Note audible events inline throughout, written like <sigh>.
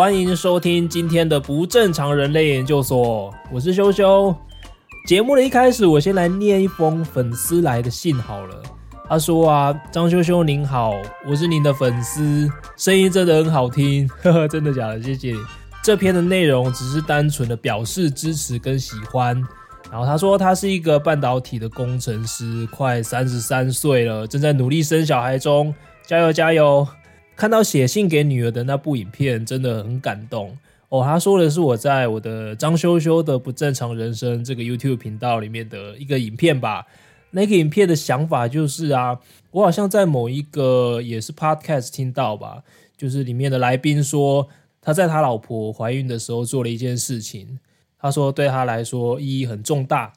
歡迎收聽今天的不正常人類研究所，我是修修。節目的一開始，我先來念一封粉絲來的信好了。他說啊，張修修您好，我是您的粉絲，聲音真的很好聽，呵呵，真的假的？謝謝。這篇的內容只是單純的表示支持跟喜歡。然後他說他是一個半導體的工程師，快三十三歲了，正在努力生小孩中，加油加油。看到寫信給女兒的那部影片，真的很感動哦。他說的是我在我的張修修的不正常人生這個 YouTube 頻道裡面的一個影片吧。那個影片的想法就是啊，我好像在某一個也是 Podcast 聽到吧，就是裡面的來賓說他在他老婆懷孕的時候做了一件事情，他說，對他來說意義很重大，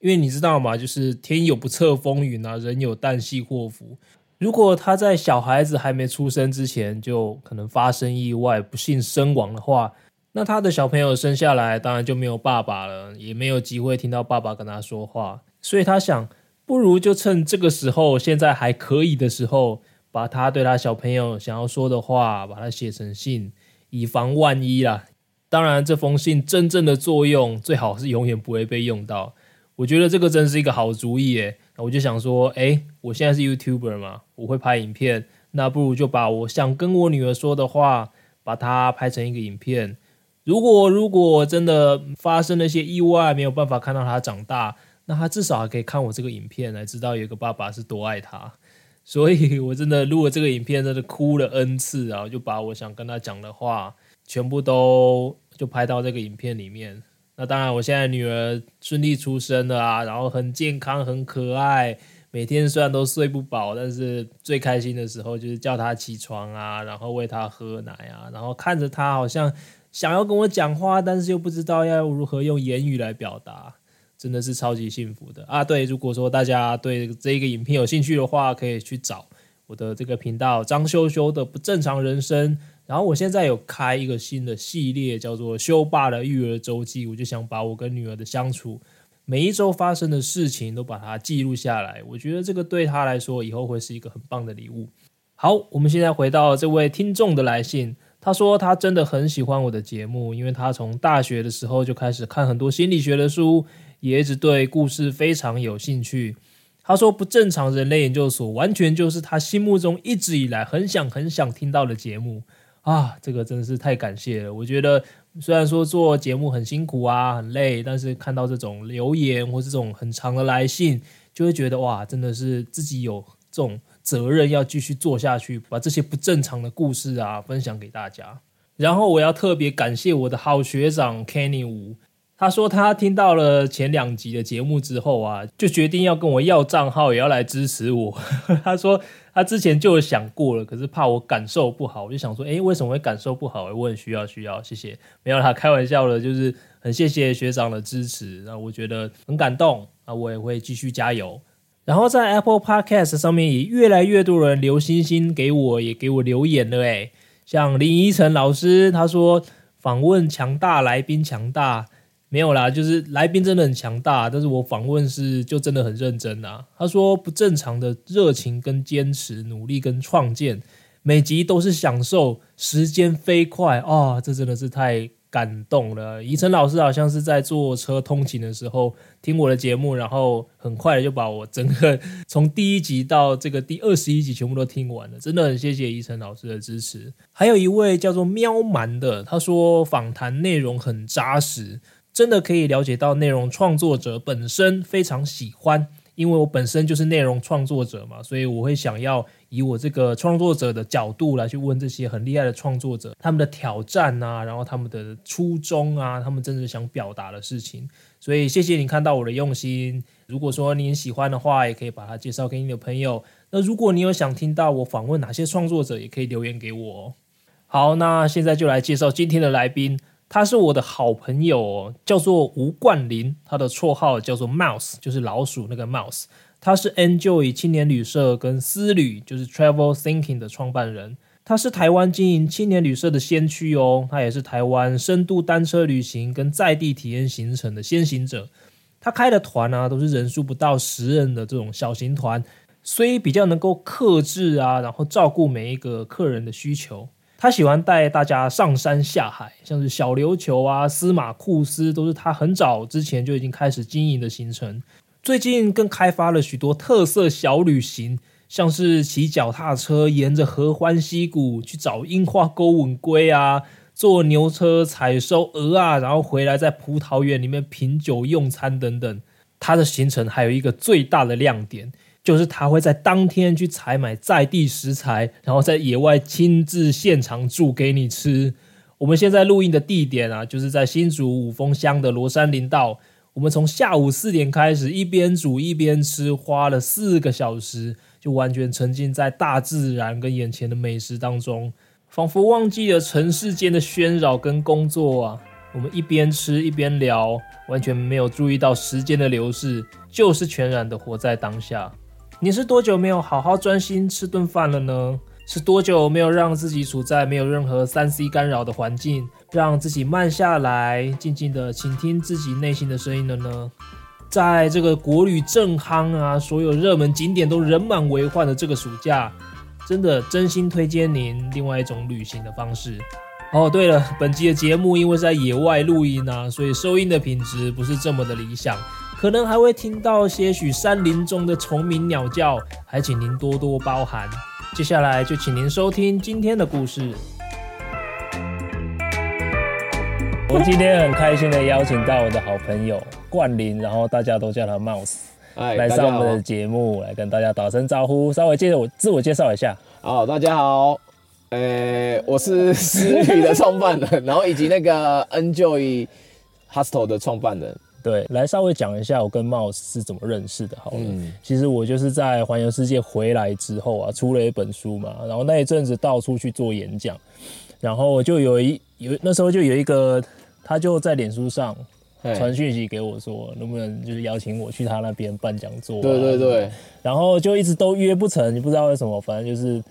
因為你知道嗎？就是天有不測風雲啊，人有旦夕禍福。如果他在小孩子還沒出生之前就可能發生意外，不幸身亡的話，那他的小朋友生下來當然就沒有爸爸了，也沒有機會聽到爸爸跟他說話，所以他想，不如就趁這個時候現在還可以的時候，把他對他小朋友想要說的話，把它寫成信，以防萬一啦。當然，這封信真正的作用，最好是永遠不會被用到。我覺得這個真是一個好主意耶。我就想說，誒、欸,我現在是 YouTuber 嘛，我會拍影片，那不如就把我想跟我女兒說的話，把它拍成一個影片。如果如果真的發生了一些意外，沒有辦法看到她長大，那她至少還可以看我這個影片，來知道有個爸爸是多愛她。所以我真的錄了這個影片，真的哭了 N 次，然後就把我想跟她講的話，全部都就拍到這個影片裡面。那當然，我現在女兒順利出生了啊，然後很健康，很可愛。每天雖然都睡不飽，但是最開心的時候就是叫她起床啊，然後餵她喝奶啊，然後看着她好像想要跟我講話，但是又不知道要如何用言語來表達，真的是超級幸福的啊！對，如果說大家對這個影片有興趣的話，可以去找我的這個頻道，張修修的不正常人生。然後我現在有開一個新的系列，叫做《休爸的育兒週記》，我就想把我跟女兒的相處，每一周發生的事情都把它記錄下來。我覺得這個對她來說，以後會是一個很棒的禮物。好，我們現在回到這位聽眾的來信，他說他真的很喜歡我的節目，因為他從大學的時候就開始看很多心理學的書，也一直對故事非常有興趣。他說，《不正常人類研究所》完全就是他心目中一直以來很想很想聽到的節目。啊，這個真的是太感謝了！我覺得雖然說做節目很辛苦啊，很累，但是看到這種留言或這種很長的來信，就會覺得哇，真的是自己有這種責任要繼續做下去，把這些不正常的故事啊分享給大家。然後我要特別感謝我的好學長 Kenny Wu，他說他聽到了前兩集的節目之後啊，就決定要跟我要賬號也要來支持我。 <laughs> 他說。他、啊、之前就有想過了，可是怕我感受不好，我就想說，誒、欸、為什麼會感受不好、欸？我很需要，需要，謝謝，沒有啦，開玩笑的。就是很謝謝學長的支持啊，那我覺得很感動啊，那我也會繼續加油。然後在 Apple Podcast 上面，也越來越多人留心心給我，也給我留言了、欸，誒像林依晨老師，他說訪問強大來賓強大。沒有啦，就是來賓真的很強大，但是我訪問是就真的很認真吶、啊。他說，不正常的熱情跟堅持、努力跟創建，每集都是享受，時間飛快啊、哦，這真的是太感動了。宜晨老師好像是在坐車通勤的時候聽我的節目，然後很快就把我整個從第一集到這個第二十一集全部都聽完了，真的很謝謝宜晨老師的支持。還有一位叫做喵蠻的，他說，訪談內容很扎實。真的可以了解到內容創作者本身非常喜歡，因為我本身就是內容創作者嘛，所以我會想要以我這個創作者的角度來去問這些很厲害的創作者，他們的挑戰啊，然後他們的初衷啊，他們真的想表達的事情。所以謝謝你看到我的用心，如果說你喜歡的話，也可以把它介紹給你的朋友。那如果你有想聽到我訪問哪些創作者，也可以留言給我哦。好，那現在就來介紹今天的來賓。他是我的好朋友哦，叫做吳冠霖，他的綽號叫做 Mouse，就是老鼠那個 Mouse。他是 N Joy 青年旅社跟思旅，就是 Travel Thinking 的創辦人。他是台灣經營青年旅社的先驅哦，他也是台灣深度單車旅行跟在地體驗行程的先行者。他開的團呢、啊，都是人數不到十人的這種小型團，所以比較能夠克制啊，然後照顧每一個客人的需求。他喜歡帶大家上山下海，像是小琉球啊、司馬庫斯，都是他很早之前就已經開始經營的行程。最近更開發了許多特色小旅行，像是騎腳踏車沿着合歡溪谷去找櫻花鉤吻鮭啊，坐牛車採收蚵啊，然後回來在葡萄園裡面品酒用餐等等。他的行程還有一個最大的亮點。就是他會在當天去採買在地食材，然後在野外親自現場煮給你吃。我們現在錄音的地點啊，就是在新竹五峰鄉的羅山林道。我們從下午四點開始，一邊煮一邊吃，花了四個小時，就完全沉浸在大自然跟眼前的美食當中，仿佛忘記了塵世間的喧擾跟工作啊。我們一邊吃一邊聊，完全沒有注意到時間的流逝，就是全然的活在當下。你是多久沒有好好專心吃頓飯了呢？是多久沒有讓自己處在沒有任何三 C 干擾的環境，讓自己慢下來，靜靜的傾聽自己內心的聲音了呢？在這個國旅正夯啊，所有熱門景點都人滿為患的這個暑假，真的真心推薦您另外一種旅行的方式。哦，對了，本集的節目因為在野外錄音啊，所以收音的品質不是這麼的理想。可能還會聽到些許山林中的蟲鳴鳥叫，還請您多多包涵。接下來就請您收聽今天的故事。我今天很開心的邀請到我的好朋友冠霖，然後大家都叫他 Mouse，Hi, 來上我們的節目，來跟大家打聲招呼，稍微介紹我自我介紹一下。好，oh，大家好，欸、我是思旅的創辦人， <laughs> 然後以及那個 N Joy Hostel 的創辦人。對，來稍微講一下我跟 Moss 是怎麼認識的，好了、嗯。其實我就是在環遊世界回來之後啊，出了一本書嘛，然後那一陣子到處去做演講，然後我就有一有那時候就有一個他就在臉書上傳訊息給我說，能不能就是邀請我去他那邊辦講座、啊？對對對，然後就一直都約不成，你不知道為什麼，反正就是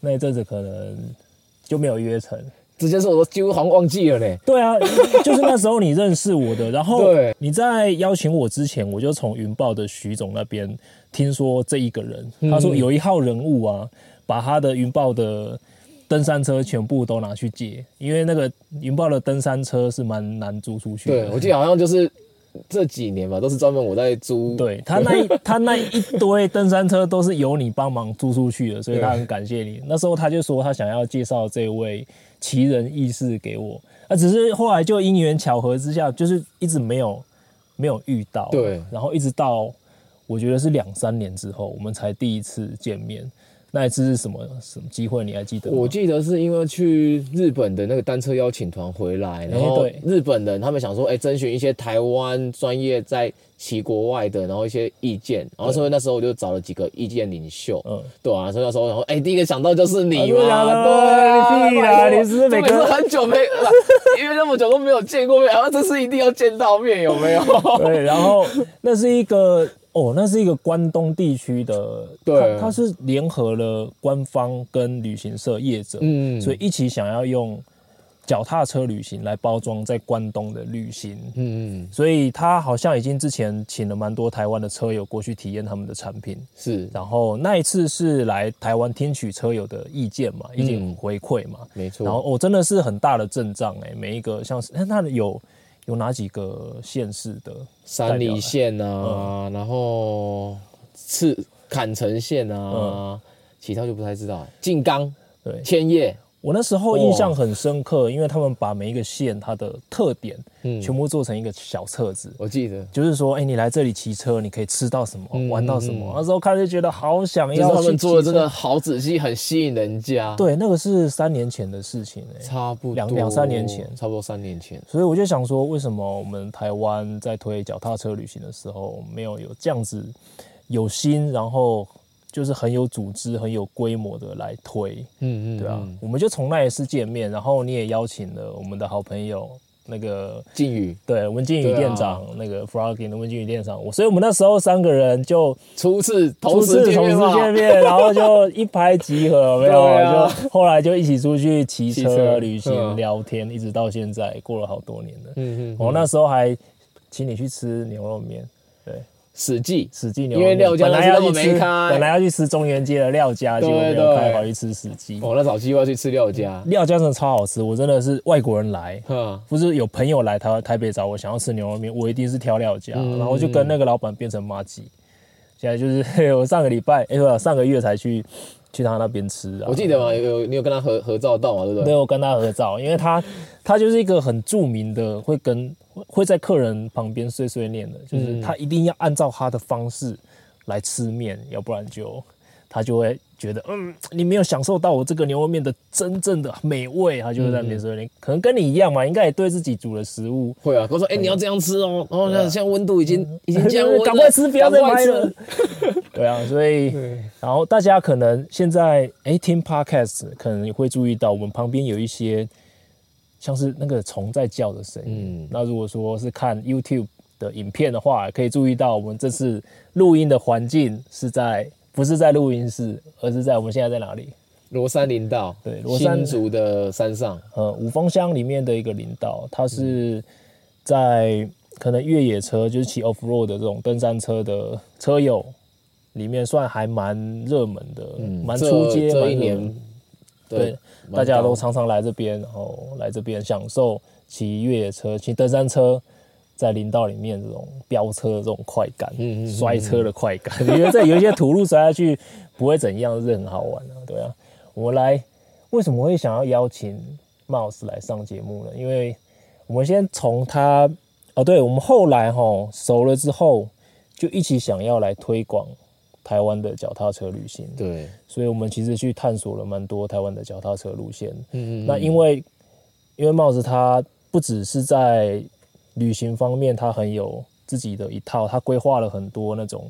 那一陣子可能就沒有約成。直接說，我好像忘記了嘞。對啊，就是那時候你認識我的， <laughs> 然後你在邀請我之前，我就從雲豹的徐總那邊聽說這一個人，嗯、他說有一號人物啊，把他的雲豹的登山車全部都拿去借，因為那個雲豹的登山車是蠻難租出去的。對，我記得好像就是。這幾年吧，都是專門我在租。對，他那 <laughs> 他那一堆登山車都是由你幫忙租出去的，所以他很感謝你。那時候他就說他想要介紹這位奇人異士給我，那只是後來就因緣巧合之下，就是一直沒有沒有遇到。對，然後一直到我覺得是兩三年之後，我們才第一次見面。那一次是什麼什麼機會？你還記得？我記得是因為去日本的那個單車邀請團回來，然後日本人他們想說，哎、欸，徵詢一些台灣專業在騎國外的，然後一些意見。然後所以那時候我就找了幾個意見領袖，嗯，對啊，所以那時候然後哎，第一個想到就是你嘛，我講的對，你厲害，你是美每個，我們很久沒，因為那麼久都沒有見過面，然後這次一定要見到面，有沒有？ <laughs> 對，然後 <laughs> 那是一個。哦，那是一個關東地區的，對，他是聯合了官方跟旅行社業者，嗯，所以一起想要用腳踏車旅行來包裝在關東的旅行，嗯，嗯，所以他好像已經之前請了蠻多台灣的車友過去體驗他們的產品，是，然後那一次是來台灣聽取車友的意見嘛，一、嗯、定回饋嘛，沒錯，然後我、哦、真的是很大的陣仗哎、欸，每一個像是，那有。有哪幾個縣市的？三裡縣啊、嗯，然後赤坎城縣啊、嗯，其他就不太知道了。靜岡對，千葉。我那時候印象很深刻，哦、因為他們把每一個縣它的特點，全部做成一個小冊子，嗯。我記得就是說，哎、欸，你來這裡騎車，你可以吃到什麼，嗯，玩到什麼。那時候開始就覺得好想要去，就是、他們做的真的好仔細，很吸引人家。對，那個是三年前的事情，欸，差不多兩兩三年前，差不多三年前。所以我就想說，為什麼我們台灣在推腳踏車旅行的時候，沒有有這樣子有心，然後？就是很有組織、很有規模的來推，嗯嗯，對啊、嗯，我們就從那一次見面，然後你也邀請了我們的好朋友那個靖宇，對，文靖宇店長，那個 froggy 的文靖宇店長，所以我們那時候三個人就初次、同時，同時見面，然後就一拍即合， <laughs> 沒有、啊，就後來就一起出去騎車,車、旅行、啊、聊天，一直到現在，過了好多年了。嗯嗯，我那時候還請你去吃牛肉麵。史記，史記牛肉麵。因為廖家本來要去吃，本來要去吃中原街的廖家，結果沒有開，跑去吃史記。我來找我要去吃廖家，廖家真的超好吃。我真的是外國人來，不是有朋友來台台北找我，想要吃牛肉麵，我一定是挑廖家，嗯、然後就跟那個老闆變成麻吉。現在就是我上個禮拜，哎、欸、不、啊，上個月才去。去他那邊吃啊！我記得嘛，有有你有跟他合合照到嗎、啊、對不對？沒有跟他合照，因為他他就是一個很著名的， <laughs> 會跟會在客人旁邊碎碎念的，就是他一定要按照他的方式來吃麵，要不然就。他就會覺得，嗯，你沒有享受到我這個牛肉麵的真正的美味。他就會在那邊說：“你、嗯、可能跟你一樣嘛，應該也對自己煮的食物。”會啊，我說：“哎、欸欸欸，你要這樣吃哦、喔啊，哦，然後像溫度已經、嗯、已經這樣，趕快吃，不要再來了。” <laughs> 對啊，所以，然後大家可能現在哎、欸、聽 Podcast，可能也會注意到我們旁邊有一些像是那個蟲在叫的聲音。嗯，那如果說是看 YouTube 的影片的話，可以注意到我們這次錄音的環境是在。不是在錄音室，而是在我們現在在哪裡？羅山林道，對，羅山，新竹的山上，呃、嗯，五峰鄉裡面的一個林道，它是在可能越野車，就是騎 off road 的這種登山車的車友裡面算還蠻熱門的，嗯，蠻出街，蠻年，對,對，大家都常常來這邊，然後來這邊享受騎越野車、騎登山車。在林道裡面這種飆車的這種快感，嗯嗯嗯、摔車的快感，因、嗯嗯、覺得在有一些土路摔下去不會怎樣， <laughs> 是很好玩啊，對啊。我來為什麼會想要邀請 Mouse 來上節目呢？因為我們先從他哦，啊、對，我們後來齁熟了之後，就一起想要來推廣台灣的腳踏車旅行，對。所以我們其實去探索了蠻多台灣的腳踏車路線，嗯嗯。那因為、嗯、因為 Mouse 他不只是在旅行方面，他很有自己的一套，他規劃了很多那種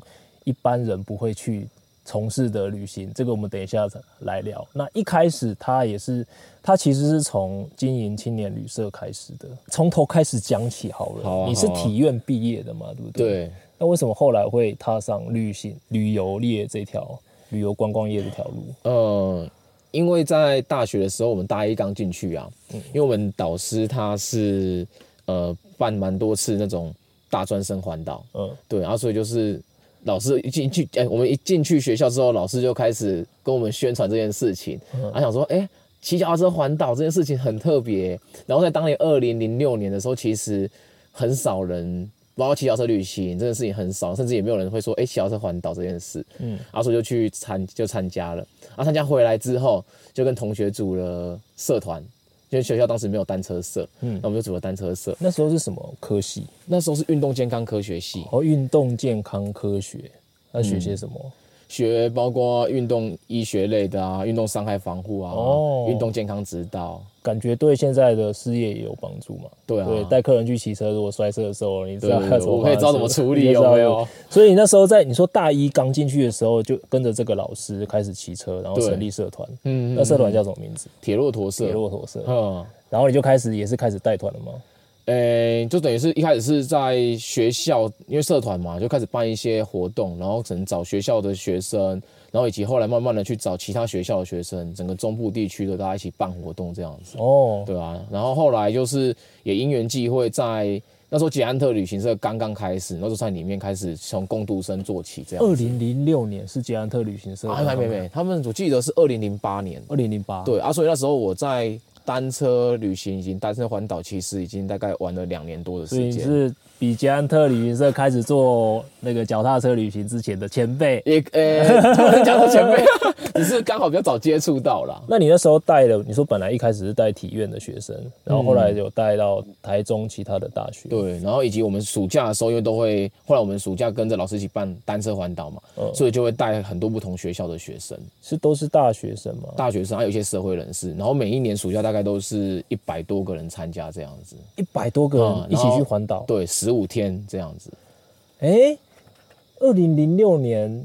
一般人不會去從事的旅行。這個我們等一下來聊。那一開始他也是，他其實是從經營青年旅舍開始的，從頭開始講起好了，好啊，好啊。你是體院畢業的嘛？對不對？對。那為什麼後來會踏上旅行、旅遊業這條旅遊觀光業這條路？嗯，因為在大學的時候，我們大一剛進去啊，因為我們導師他是。呃，辦蠻多次那種大專生環島，嗯，對，然後，所以就是老師一進去，哎，我們一進去學校之後，老師就開始跟我們宣傳這件事情，嗯、啊，想說，哎，騎腳踏車環島這件事情很特別，然後在當年二零零六年的時候，其實很少人包括騎腳踏車旅行這件事情很少，甚至也沒有人會說，哎，騎腳踏車環島這件事，嗯，然後，所以就去參就參加了，然後參加回來之後就跟同學組了社團。因為學校當時沒有單車社，嗯，那我們就組了單車社。那時候是什麼科系？那時候是運動健康科學系。哦，運動健康科學。那學些什麼？嗯學包括運動醫學類的啊，運動傷害防護啊，哦，運動健康指導，感覺對現在的事業也有幫助嘛？對啊，對，帶客人去騎車，如果摔車的時候，你知道我可以知道怎麼處理，你有沒有？所以你那時候在你說大一剛進去的時候，就跟着這個老師開始騎車，然後成立社團，嗯，那社團叫什麼名字？鐵駱駝社，鐵駱駝社，嗯，然後你就開始也是開始帶團了嗎？哎、欸，就等於是一開始是在學校，因為社團嘛，就開始辦一些活動，然後只能找學校的學生，然後以及後來慢慢的去找其他學校的學生，整個中部地區的大家一起辦活動這樣子。哦，對啊，然後後來就是也因緣際會在，在那時候捷安特旅行社剛剛開始，那時候在裡面開始從工讀生做起這樣子。二零零六年是捷安特旅行社，啊，還沒沒沒，他們我記得是二零零八年。二零零八。對啊，所以那時候我在。單車旅行已經，單車環島其實已經大概玩了兩年多的時間。比捷安特旅行社開始做那個腳踏車旅行之前的前輩，也呃不能講前輩，只是剛好比較早接觸到啦。那你那時候帶了，你說本來一開始是帶體院的學生，然後後來有帶到台中其他的大學、嗯。對，然後以及我們暑假的時候，因為都會後來我們暑假跟着老師一起辦單車環島嘛、嗯，所以就會帶很多不同學校的學生，是都是大學生嗎？大學生，還有一些社會人士。然後每一年暑假大概都是一百多個人參加這樣子，一百多個人一起去環島、嗯，對十。五天這樣子，哎、欸，二零零六年，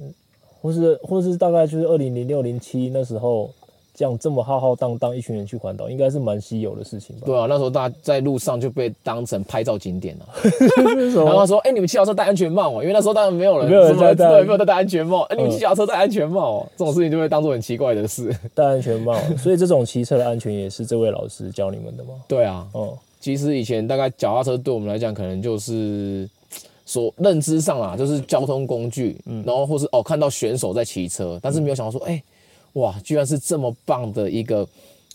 或是或是大概就是二零零六零七那時候，這樣這麼浩浩蕩蕩一群人去環島，應該是蠻稀有的事情吧。對啊，那時候大家在路上就被當成拍照景點了。 <laughs> 然後他說：“哎、欸，你們騎小車戴安全帽、啊、因為那時候當然沒有人，沒有，人，人有沒有在沒有戴安全帽。哎、嗯欸，你們騎小車戴安全帽、啊嗯、這種事情就會當做很奇怪的事。戴安全帽、啊，所以這種騎車的安全也是這位老師教你們的嗎？對啊，嗯。”其實以前大概腳踏車對我們來講，可能就是所認知上啊，就是交通工具，然後或是哦看到選手在騎車，但是沒有想到說，哎、欸，哇，居然是這麼棒的一個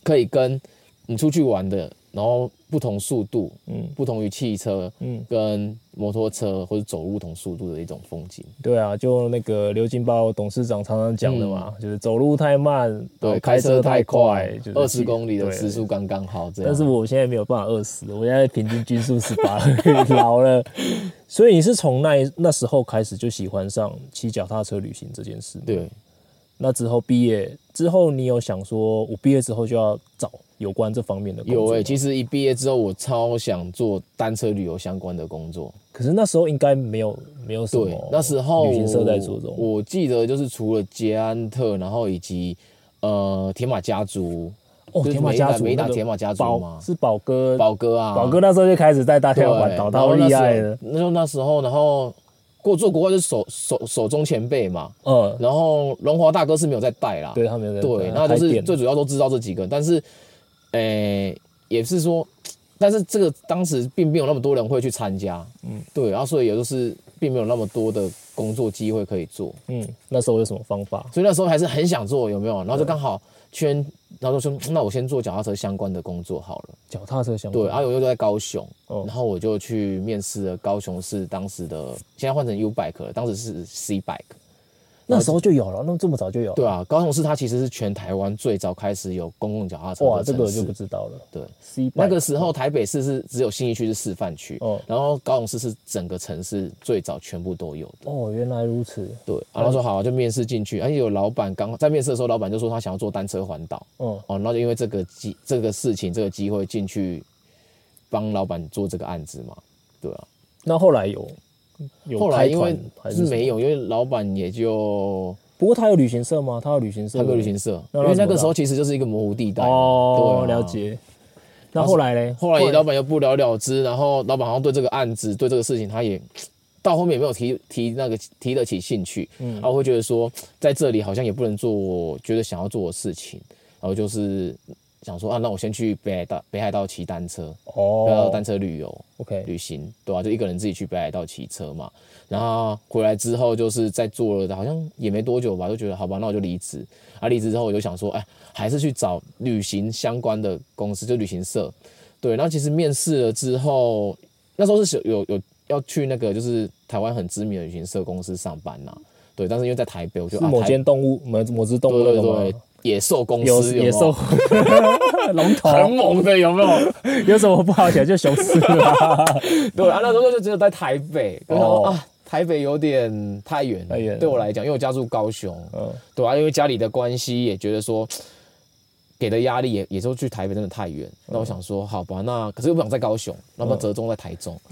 可以跟你出去玩的，然後不同速度，嗯，不同於汽車，嗯，跟。摩托車或者走路同速度的一種風景。對啊，就那個劉金標董事長常常講的嘛、嗯，就是走路太慢，對，開車太快，太快就是二十公里的時速剛剛好這樣對對對。但是我現在沒有辦法二十，我現在平均均速十八，老了。所以你是從那那時候開始就喜歡上騎腳踏車旅行這件事？對。那之後畢業之後，你有想說，我畢業之後就要找。有關這方面的工作有誒、欸，其實一畢業之後，我超想做單車旅遊相關的工作。可是那時候應該沒有，沒有什麼。對，那時候旅行社在做，我記得就是除了捷安特，然後以及呃鐵馬家族，哦，鐵馬家族，美打鐵馬家族寶是寶哥，寶哥啊，寶哥那時候就開始在大跳板，導到厲害了。那，那時候，然後過做國外就手手手中前輩嘛，嗯，然後榮華大哥是沒有在帶啦，對他沒有在帶，對，那就是最主要都知道這幾個，但是。誒、欸，也是說，但是這個當時並沒有那麼多人會去參加，嗯，對，然、啊、後所以也就是並沒有那麼多的工作機會可以做，嗯，那時候有什麼方法？所以那時候還是很想做，有沒有？然後就剛好圈，然後就說，那我先做腳踏車相關的工作好了，腳踏車相關。對，然後我又在高雄，然後我就去面試了高雄市當時的，哦、現在換成 U Bike 了，當時是 C Bike。那時候就有了，那這麼早就有了？對啊，高雄市它其實是全台灣最早開始有公共腳踏車的城市。哇，這個就不知道了。對，那個時候台北市是只有信義區是示範區，哦，然後高雄市是整個城市最早全部都有的。哦，原來如此。對，然後他說好，就面試進去，而、嗯、且、欸、有老闆剛在面試的時候，老闆就說他想要坐單車環島。嗯、哦、喔，那就因為這個機這個事情這個機會進去幫老闆做這個案子嘛。對啊。那後來有？後來因為是沒有，因為老板也就不過他有旅行社嘛？他有旅行社，嗯,他有旅行社。因為那個時候其實就是一個模糊地帶哦對，了解。後，那後來呢？後來老板又不了了之，然後老板好像對這個案子，對這個事情，他也到後面也沒有提提那個提得起興趣，嗯，他會覺得說在這裡好像也不能做，我覺得想要做的事情，然後就是。想說啊，那我先去北海道，北海道騎單車，哦，單車旅遊，OK，旅行，對啊，就一個人自己去北海道騎車嘛。然後回來之後，就是在做了，好像也沒多久吧，就覺得好吧，那我就離職。啊，離職之後我就想說，哎、欸，還是去找旅行相關的公司，就旅行社，對。然後其實面試了之後，那時候是有有要去那個，就是台灣很知名的旅行社公司上班吶、啊，對。但是因為在台北，我就某間動物，啊、某某隻動物對對，對。野獸公司，野獸龍 <laughs> 頭，很猛的，有沒有？ <laughs> 有什麼不好講？就雄獅了。 <laughs> <laughs> 對啊，那時候就只有在台北，然後、哦、啊，台北有點太遠，太遠了。對我來講，因為我家住高雄，嗯、哦，對啊，因為家裡的關係，也覺得說。給的壓力也也就去台北真的太遠，嗯，那我想說好吧，那可是又不想在高雄，那，嗯，麼折中在台中， <laughs>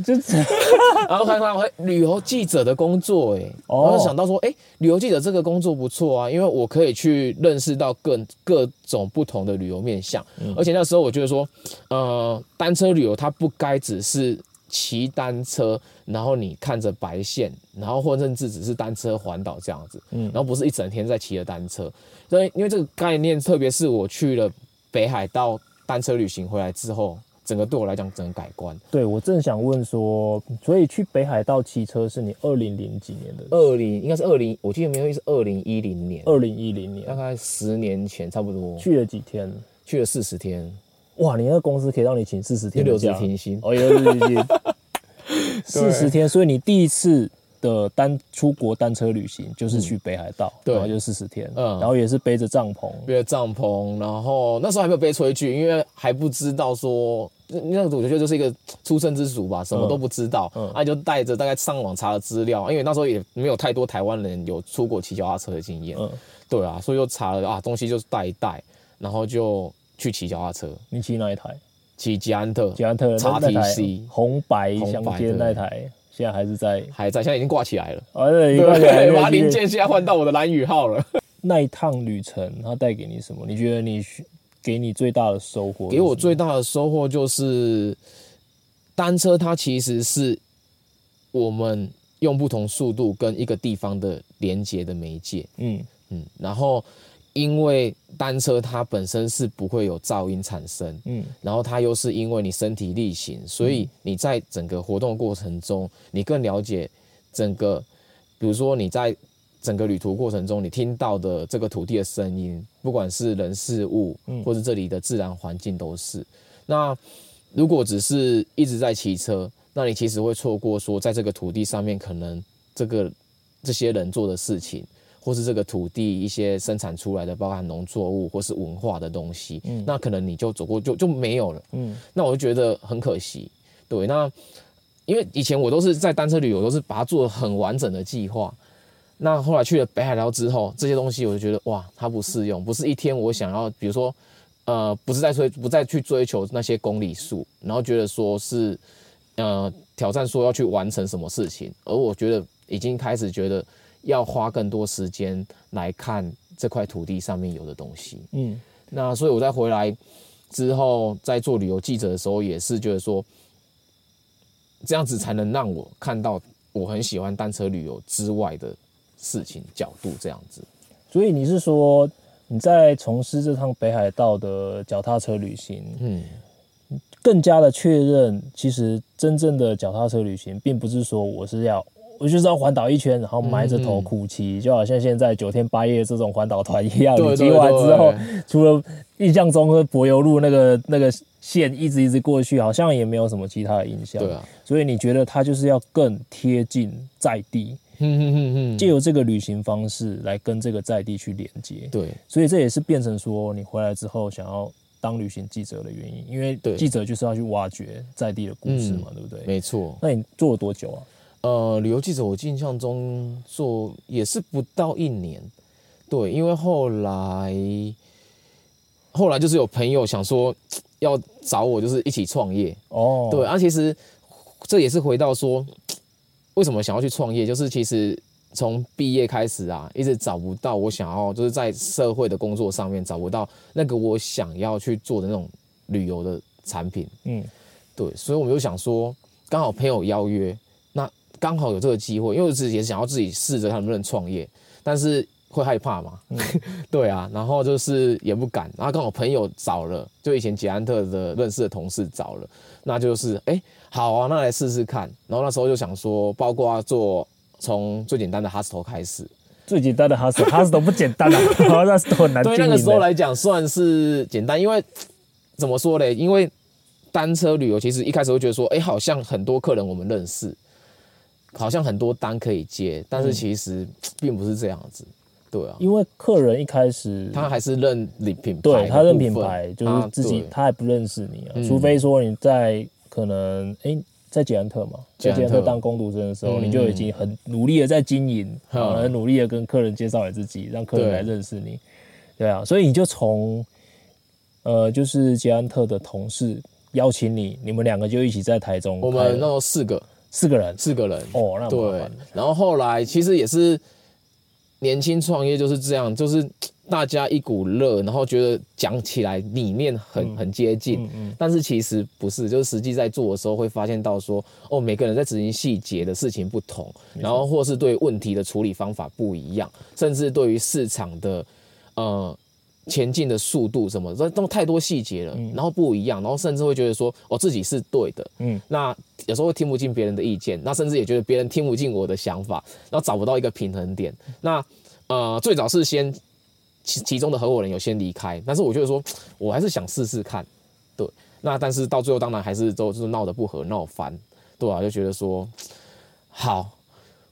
<laughs> 然後看看旅遊記者的工作，欸，哎，哦，我就想到說，哎，欸，旅遊記者這個工作不錯啊，因為我可以去認識到各各種不同的旅遊面向，嗯，而且那時候我覺得說，呃，單車旅遊它不該只是。騎單車，然後你看着白線，然後或甚至只是單車環島這樣子，嗯，然後不是一整天在騎着單車，所以因為這個概念，特別是我去了北海道單車旅行回來之後，整個對我來講整個改觀。對，我正想問說，所以去北海道騎車是你二零零幾年的，二零應該是二零，我記得沒錯是二零一零年，二零一零年，大概十年前差不多。去了幾天？去了四十天。哇！你那個公司可以讓你請四十天六十天薪，哦，六十天四十天。所以你第一次的單出國單車旅行就是去北海道，對、嗯，然後就四十天，嗯，然後也是背着帳篷，嗯、背着帳篷，然後那時候還沒有背炊具因為還不知道說，那我覺得就是一個初生之犢吧，什麼都不知道，嗯，嗯啊，就帶着大概上網查了資料，因為那時候也沒有太多台灣人有出國騎腳踏車的經驗，嗯，對啊，所以就查了啊，東西就是帶一帶，然後就。去騎腳踏車，你騎哪一台？騎捷安特，捷安特叉 T C 紅白相間那台的，現在還是在，還在，現在已經掛起來了。哦，對，已經掛起來了。對，我把零件現在換到我的藍雨號了。那一趟旅程它帶給你什麼？你覺得你給你最大的收穫？給我最大的收穫就是，單車它其實是我們用不同速度跟一個地方的連接的媒介。嗯嗯，然後。因為單車它本身是不會有噪音產生，嗯，然後它又是因為你身體力行，所以你在整個活動過程中，你更了解整個，比如說你在整個旅途過程中，你聽到的這個土地的聲音，不管是人事物，嗯，或是這裡的自然環境都是。那如果只是一直在騎車，那你其實會錯過說，在這個土地上面，可能這個這些人做的事情。或是這個土地一些生產出來的，包含農作物或是文化的東西，嗯，那可能你就走過就就沒有了，嗯，那我就覺得很可惜，對，那因為以前我都是在單車旅遊，都是把它做得很完整的計劃，那後來去了北海道之後，這些東西我就覺得哇，它不適用，不是一天我想要，比如說，呃，不是在追，不再去追求那些公里數，然後覺得說是，呃，挑戰說要去完成什麼事情，而我覺得已經開始覺得。要花更多時間來看這塊土地上面有的東西，嗯，那所以我在回來之後，在做旅遊記者的時候，也是覺得說，這樣子才能讓我看到我很喜歡單車旅遊之外的事情角度，這樣子。所以你是說你在從事這趟北海道的腳踏車旅行，嗯，更加的確認，其實真正的腳踏車旅行，並不是說我是要。我就是要環島一圈，然後埋着頭苦騎，嗯嗯，就好像現在九天八夜這種環島團一樣。對對你騎完之後，對對對對，除了印象中的柏油路那個那個線一直一直過去，好像也沒有什麼其他的印象。對啊。所以你覺得它就是要更貼近在地，嗯嗯嗯嗯，借由這個旅行方式來跟這個在地去連接。對。所以這也是變成說你回來之後想要當旅行記者的原因，因為記者就是要去挖掘在地的故事嘛，對，對不對？嗯、沒錯。那你做了多久啊？呃，旅遊記者，我印象中做也是不到一年，對，因為後來後來就是有朋友想說要找我，就是一起創業哦，對，啊其實這也是回到說為什麼想要去創業，就是其實從畢業開始啊，一直找不到我想要，就是在社會的工作上面找不到那個我想要去做的那種旅遊的產品，嗯，對，所以我們就想說，剛好朋友邀約。剛好有這個機會，因為我自己也是想要自己試着看能不能創業，但是會害怕嘛？對啊，然後就是也不敢。然後剛好朋友找了，就以前捷安特的認識的同事找了，那就是哎、欸，好啊，那來試試看。然後那時候就想說，包括要做從最簡單的 Hostel 開始。最簡單的 Hostel，Hostel 不簡單啊，Hostel 很難。對那個時候來講算是簡單，因為怎麼說嘞？因為單車旅遊其實一開始會覺得說，哎、欸，好像很多客人我們認識。好像很多單可以接，但是其實並不是這樣子，嗯、對啊，因為客人一開始他還是認你品牌，對，他認品牌，啊、就是自己、啊、他還不認識你啊，嗯、除非說你在可能哎、欸、在捷安特嘛，特在捷安特當工讀生的時候、嗯，你就已經很努力的在經營、嗯嗯，很努力的跟客人介紹你自己，讓客人來認識你，對,對啊，所以你就從呃就是捷安特的同事邀請你，你們兩個就一起在台中，我們那時候四個。四個人，四個人哦，那對，然後後來其實也是年輕創業就是這樣，就是大家一股熱，然後覺得講起來理念很、嗯、很接近、嗯嗯嗯，但是其實不是，就是實際在做的時候會發現到說，哦，每個人在執行細節的事情不同，然後或是對問題的處理方法不一樣，甚至對於市場的，呃。前進的速度什麼，這都太多細節了，然後不一樣，然後甚至會覺得說我、哦、自己是對的，嗯，那有時候會聽不進別人的意見，那甚至也覺得別人聽不進我的想法，然後找不到一個平衡點。那呃，最早是先其其中的合夥人有先離開，但是我覺得說，我還是想試試看，對。那但是到最後，當然還是都、就是鬧得不合，鬧翻，對啊，就覺得說，好，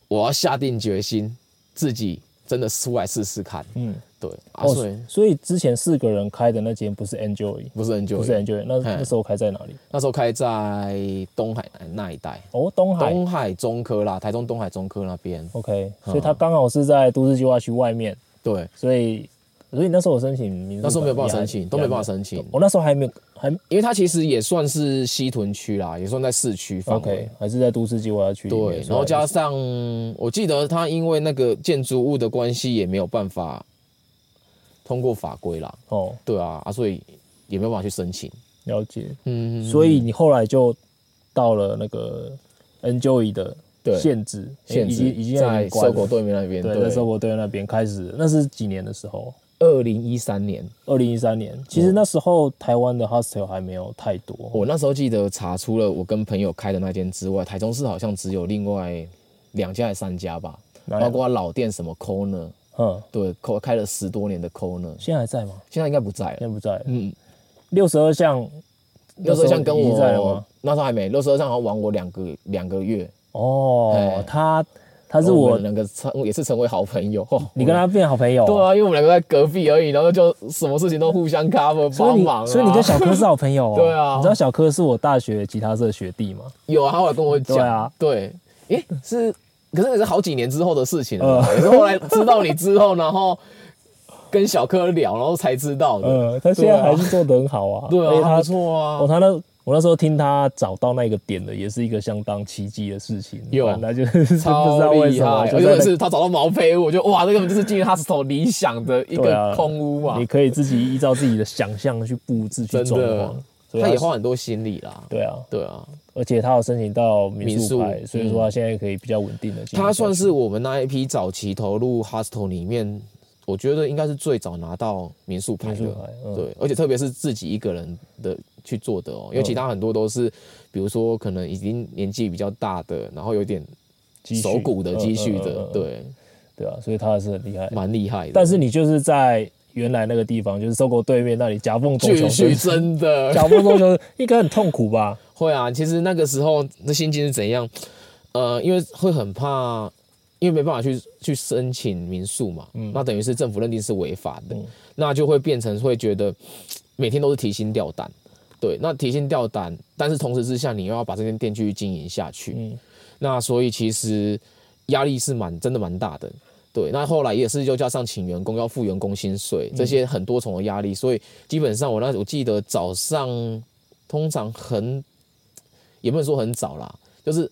我要下定決心，自己真的出來試試看，嗯。對，啊，所以、哦，所以之前四個人開的那間不是 Enjoy，不是 Enjoy，不是 Enjoy，那那時候開在哪裡？那時候開在東海南那一帶。哦，東海東海中科啦，台中東海中科那邊。OK，、嗯、所以它剛好是在都市計劃區外面。對，所以所以那時候我申請？那時候沒有辦法申請，都沒辦法申請。我、喔、那時候還沒有還，因為它其實也算是西屯區啦，也算在市區範圍。OK，還是在都市計劃區。對，然後加上我記得它因為那個建築物的關係也沒有辦法。通過法規啦，哦，對啊，啊，所以也沒有辦法去申請，了解，嗯,嗯,嗯，所以你後來就到了那個 N Joy 的限制，限制，已經,已經在德國對面那邊，對，在德國對面那邊開始，那是幾年的時候？二零一三年，二零一三年，其實那時候台灣的 Hostel 還沒有太多、嗯，我那時候記得查出了，我跟朋友開的那間之外，台中市好像只有另外兩家還是三家吧，包括老店什麼 Corner。嗯，對，開開了十多年的扣呢，現在還在嗎？現在應該不在了，現在不在了。嗯，六十二項，六十二項跟我在了嗎？那時候還沒，六十二項好像玩我兩個兩個月。哦，他他是我兩個成也是成為好朋友，哦，你跟他變好朋友，哦。對啊，因為我們兩個在隔壁而已，然後就什麼事情都互相 cover 幫忙，啊。所以你跟小柯是好朋友哦。 <laughs> 對啊，你知道小柯是我大學吉他社學弟嗎？有啊，他後來跟我講啊，對，欸，是。可是也是好幾年之後的事情了，是、嗯、後來知道你之後，然後跟小柯聊，然後才知道的。嗯、他現在還是做得很好啊，對啊，沒錯啊。我、啊他，啊哦、他那我那時候聽他找到那個點的，也是一個相當奇跡的事情。有，那就是不知道為什麼，他是他找到毛坯屋我就哇，這根本就是進入他是從理想的一個空屋嘛、啊。你可以自己依照自己的想象去布置，真的去裝潢，他也花很多心力啦。對啊，對啊。而且他有申請到民宿牌，所以說他現在可以比較穩定的去、嗯。他算是我們那一批早期投入 hostel 裡面，我覺得應該是最早拿到民宿牌的宿、嗯。對，而且特別是自己一個人的去做的哦，因為其他很多都是、嗯，比如說可能已經年紀比較大的，然後有點手骨的積蓄，積蓄的、嗯嗯嗯嗯，對，對啊，所以他是很厲害，蠻厲害的。但是你就是在。原來那個地方就是 SOGO 對面那裡夾縫中求生，真的夾縫中求生應該很痛苦吧？ <laughs> 會啊，其實那個時候的心情是怎樣？呃，因為會很怕，因為沒辦法去去申請民宿嘛，嗯、那等於是政府認定是違法的、嗯，那就會變成會覺得每天都是提心吊膽，對，那提心吊膽，但是同時之下你又要把這間店繼續經營下去、嗯，那所以其實壓力是蠻真的蠻大的。對，那後來也是又加上請員工要付員工薪水，這些很多重的壓力，嗯，所以基本上我那我記得早上通常很，也不能說很早啦，就是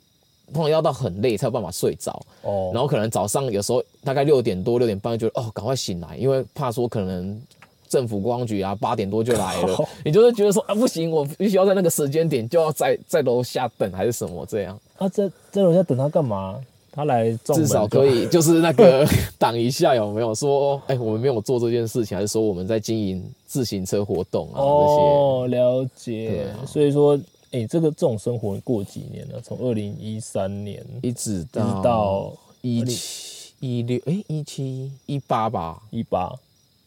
通常要到很累才有辦法睡着。哦。然後可能早上有時候大概六點多六點半就，就哦趕快醒來，因為怕說可能政府觀光局啊，八點多就來了，你就是覺得說啊不行，我必須要在那個時間點就要在在樓下等還是什麼這樣。啊，在在樓下等他幹嘛？他來撞至少可以就是那個擋 <laughs> 一下有沒有說哎、欸、我們沒有做這件事情還是說我們在經營自行車活動啊？這些。哦、oh,，了解。對、啊，所以說哎、欸、這個這種生活過幾年呢？從二零一三年一直到 17, 一七一六哎一七一八吧，一八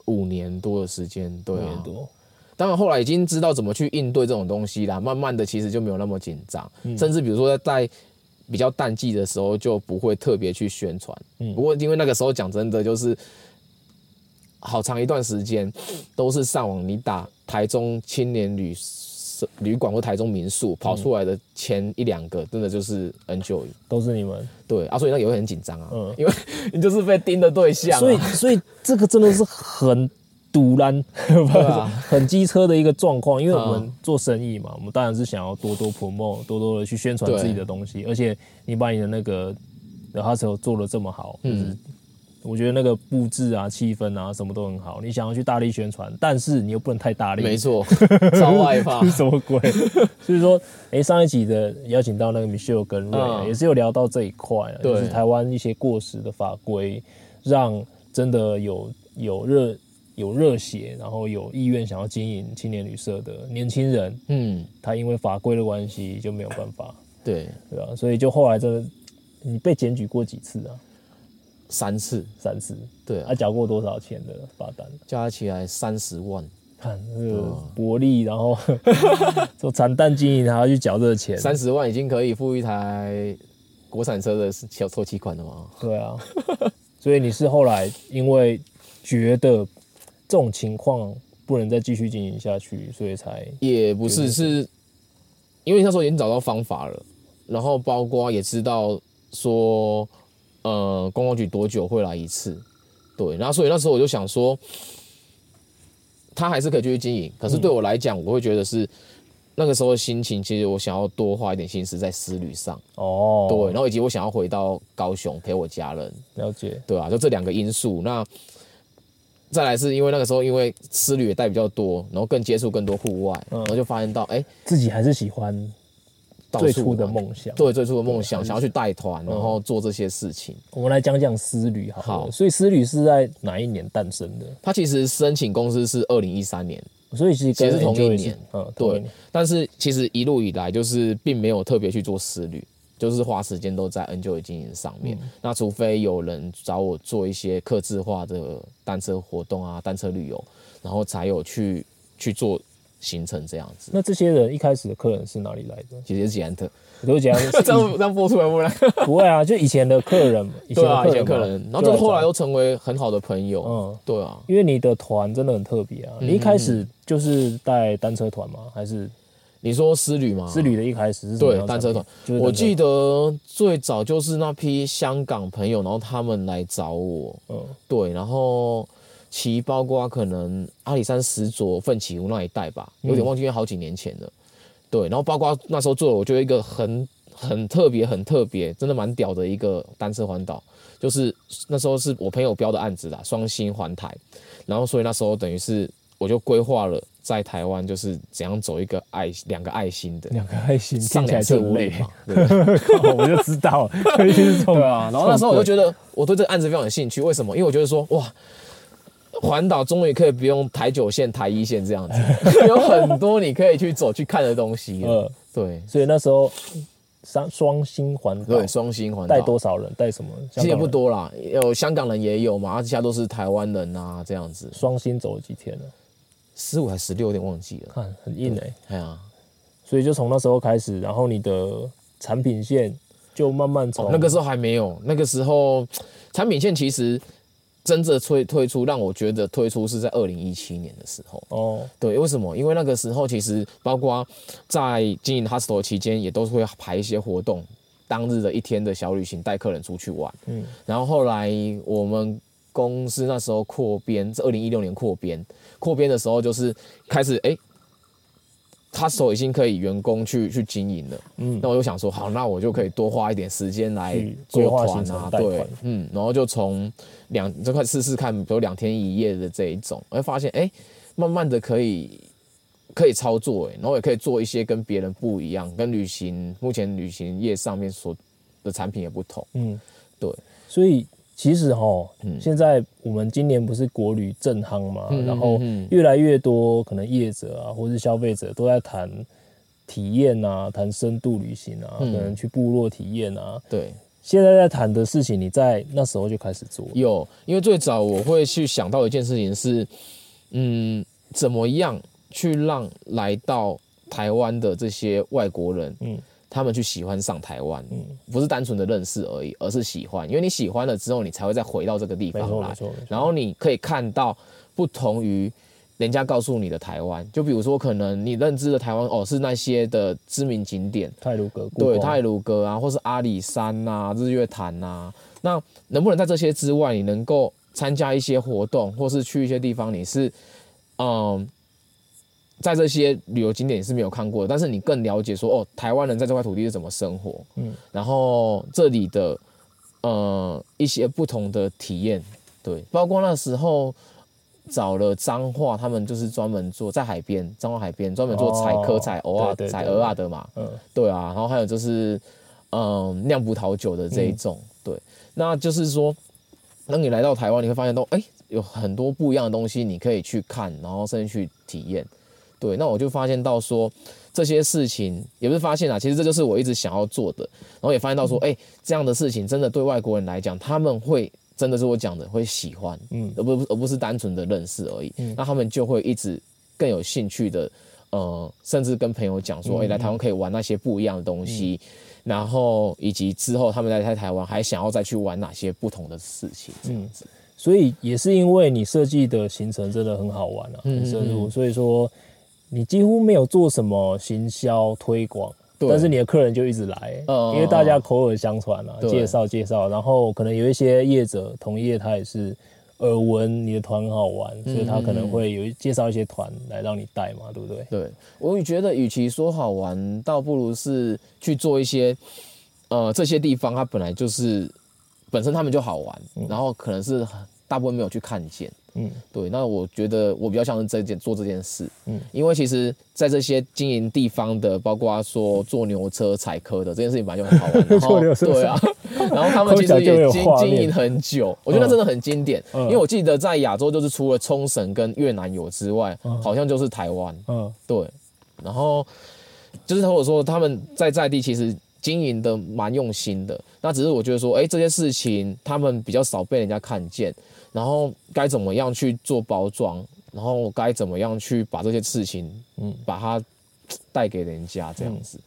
五年多的時間，對、啊，五年多，當然後來已經知道怎麼去應對這種東西啦，慢慢的其實就沒有那麼緊張、嗯，甚至比如說在。比較淡季的時候就不會特別去宣傳，嗯，不過因為那個時候講真的就是，好長一段時間都是上網你打台中青年旅旅館或台中民宿跑出來的前一兩個，真的就是 N Joy，都是你們，對啊，所以那個也會很緊張啊，嗯，因為你就是被盯的對象啊，所以所以這個真的是很。突然，啊、 <laughs> 很機車的一個狀況，因為我們做生意嘛，嗯、我們當然是想要多多 promote，多多的去宣傳自己的東西。而且你把你的那個然 e h 做的這麼好，就是我覺得那個佈置啊、氣氛啊，什麼都很好。你想要去大力宣傳，但是你又不能太大力，沒錯，超害怕， <laughs> 什麼鬼？ <laughs> 所以說，哎、欸，上一集的邀請到那個 Michelle 跟瑞、嗯，也是有聊到這一塊，就是台灣一些過時的法規，讓真的有有熱。有熱血，然後有意願想要經營青年旅舍的年輕人，嗯，他因為法規的關係就沒有辦法，對對啊，所以就後來這個、你被檢舉過幾次啊？三次，三次，對啊，啊繳過多少錢的罰單的？加起來三十萬，看這、那個、嗯、薄利，然後說慘淡經營，然後去繳這個錢，三十萬已經可以付一台國產車的小頭期款了嗎？對啊，所以你是後來因為覺得。這種情況不能再繼續經營下去，所以才也不是是，因為那時候已經找到方法了，然後包括也知道說，呃，觀光局多久會來一次，對，那所以那時候我就想說，他還是可以繼續經營，可是對我來講，我會覺得是、嗯、那個時候的心情，其實我想要多花一點心思在思旅上，哦，對，然後以及我想要回到高雄陪我家人，了解，對啊，就這兩個因素，那。再來是因為那個時候因為思旅也帶比較多，然後更接觸更多戶外、嗯，然後就發現到哎、欸，自己還是喜歡最初的夢想,想，對最初的夢想，想要去帶團、嗯，然後做這些事情。我們來講講思旅，好。好，所以思旅是在哪一年誕生的？他其實申請公司是二零一三年，所以是其,其實同一年，Angelus, 嗯年，對。但是其實一路以來就是並沒有特別去做思旅。就是花時間都在 N Joy 經營上面，嗯，那除非有人找我做一些客制化的單車活動啊，單車旅遊，然後才有去去做行程這樣子。那這些人一開始的客人是哪裡來的？其實也是捷安特，都是捷安特。姐 <laughs> 是這樣播出來不然 <laughs> 不會啊，就以前的客人，以前的客人嘛，對啊，以前客人，然後後來都成為很好的朋友。嗯，對啊，因為你的團真的很特別啊。你一開始就是帶單車團嗎？嗯，還是？你說思旅嗎？思旅的一開始是什麼，是對，單車團，就是。我記得最早就是那批香港朋友，然後他們來找我，嗯、對，然後，騎包括可能阿里山石棹奮起湖那一帶吧，有點忘記，因為好幾年前了。嗯、對，然後包括那時候做了，我覺得一個很很特別、很特別，真的蠻屌的一個單車環島，就是那時候是我朋友標的案子啦，雙星環台，然後所以那時候等於是我就規劃了。在台灣就是怎樣走一個愛兩個愛心的兩個愛心，上兩次烏雷， <laughs> 我就知道， <laughs> 對啊。然後那時候我就覺得我對這個案子非常有興趣，為什麼？因為我覺得說哇，環島終於可以不用台九線、台一線這樣子， <laughs> 有很多你可以去走去看的東西。嗯，對。所以那時候雙雙星環島，雙星環帶多少人？帶什麼？其實也不多啦，有香港人也有嘛，而且其他都是台灣人啊，這樣子。雙星走了幾天了？十五還是十六？有點忘記了。看，很硬哎、欸。哎呀、啊，所以就從那時候開始，然後你的產品線就慢慢從、哦、那個時候還沒有。那個時候產品線其實真正推推出，讓我覺得推出是在二零一七年的時候。哦，對，為什麼？因為那個時候其實包括在經營 Hostel 期間，也都是會排一些活動，當日的一天的小旅行，帶客人出去玩。嗯。然後後來我們公司那時候擴編，在二零一六年擴編。擴編的時候，就是開始哎，他、欸、手已經可以員工去去經營了。嗯，那我就想說，好，那我就可以多花一點時間來做團啊。對，嗯，然後就從兩這塊試試看，都兩天一夜的這一種，哎，發現哎、欸，慢慢的可以可以操作、欸、然後也可以做一些跟別人不一樣，跟旅行目前旅行業上面所的產品也不同。嗯，對，所以。其實哈，現在我們今年不是國旅正夯嘛，嗯，然後越來越多可能業者啊，或是消費者都在談體驗啊，談深度旅行啊，嗯，可能去部落體驗啊。對，現在在談的事情，你在那時候就開始做。有，因為最早我會去想到一件事情是，嗯，怎麼樣去讓來到台灣的這些外國人，嗯。他們去喜歡上台灣，嗯，不是單純的認識而已，而是喜歡。因為你喜歡了之後，你才會再回到這個地方來。沒錯，沒錯。然後你可以看到不同於人家告訴你的台灣，就比如說可能你認知的台灣哦，是那些的知名景點，太魯閣，對，太魯閣啊，或是阿里山吶、啊、日月潭吶、啊。那能不能在這些之外，你能夠參加一些活動，或是去一些地方？你是，嗯。在這些旅遊景點也是沒有看過的，但是你更了解說哦，台灣人在這塊土地是怎麼生活？嗯，然後這裡的呃一些不同的體驗，對，包括那時候找了彰化，他們就是專門做在海邊，彰化海邊專門做採蚵採蚵啊，採蚵仔啊的嘛，嗯，對啊，然後還有就是嗯釀、呃、葡萄酒的這一種、嗯，對，那就是說，當你來到台灣，你會發現都哎、欸、有很多不一樣的東西，你可以去看，然後甚至去體驗。對，那我就發現到說，這些事情也不是發現啊，其實這就是我一直想要做的。然後也發現到說，哎、嗯，這樣的事情真的對外國人來講，他們會真的是我講的會喜歡，嗯，而不是而不是單純的認識而已。嗯，那他們就會一直更有興趣的，呃，甚至跟朋友講說，哎、嗯，來台灣可以玩那些不一樣的東西，嗯、然後以及之後他們來在台灣還想要再去玩哪些不同的事情，這樣子、嗯。所以也是因為你設計的行程真的很好玩啊，很深入，嗯、所以說。你幾乎沒有做什麼行銷推廣，但是你的客人就一直來，嗯、因為大家口耳相傳啊，介紹介紹，然後可能有一些業者同業他也是耳聞你的團很好玩、嗯，所以他可能會有介紹一些團來讓你帶嘛，對不對？對，我覺得，與其說好玩，倒不如是去做一些，呃，這些地方它本來就是本身他們就好玩、嗯，然後可能是大部分沒有去看見。嗯，對，那我覺得我比較想這件做這件事，嗯，因為其實，在這些經營地方的，包括說坐牛車採蚵的這件事情，本來就很好玩 <laughs> 是是對啊，然後他們其實也經經營很久，我覺得那真的很經典，嗯，因為我記得在亞洲就是除了沖繩跟越南有之外，嗯，好像就是台灣，嗯，對，然後就是或者說他們在在地其實。經營的蠻用心的，那只是我覺得說，哎、欸，這些事情他們比較少被人家看見，然後該怎麼樣去做包裝，然後該怎麼樣去把這些事情，嗯，把它帶給人家這樣子、嗯。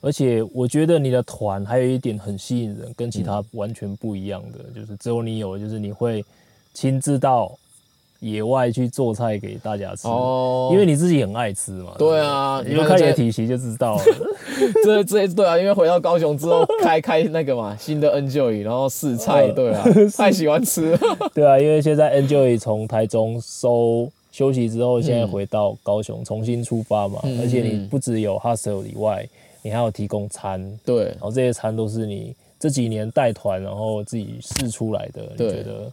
而且我覺得你的團還有一點很吸引人，跟其他完全不一樣的，嗯、就是只有你有，就是你會親自到。野外去做菜給大家吃，哦、oh,，因為你自己很愛吃嘛。對啊，對你看你的體型就知道了。 <laughs> 這、這、對啊，因為回到高雄之後， <laughs> 開開那個嘛新的 N Joy 然後試菜，oh, 對啊， <laughs> 太喜歡吃了。對啊，因為現在 N Joy 從台中收休息之後，現在回到高雄、嗯、重新出發嘛、嗯，而且你不只有 Hostel 以外，你還有提供餐。對，然後這些餐都是你這幾年帶團然後自己試出來的，你覺得？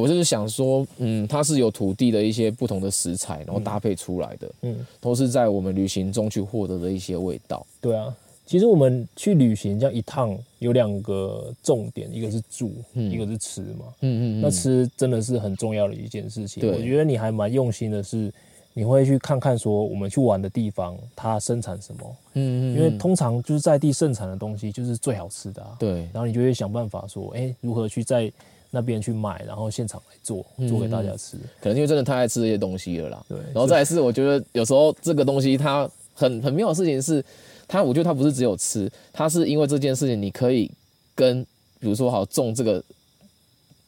我就是想說，嗯，它是有土地的一些不同的食材，然後搭配出來的，嗯，嗯都是在我們旅行中去獲得的一些味道。對啊，其實我們去旅行這樣一趟，有兩個重點，一個是住，嗯、一個是吃嘛。嗯嗯,嗯。那吃真的是很重要的一件事情。對。我覺得你還蠻用心的是，是你會去看看說我們去玩的地方它生產什麼。嗯,嗯嗯。因為通常就是在地盛產的東西就是最好吃的啊。對。然後你就會想辦法說，哎、欸，如何去在那邊去買，然後現場來做，做給大家吃、嗯。可能因為真的太愛吃這些東西了啦。對，然後再來是我覺得有時候這個東西它很很妙的事情是，它我覺得它不是只有吃，它是因為這件事情你可以跟，比如說好像種這個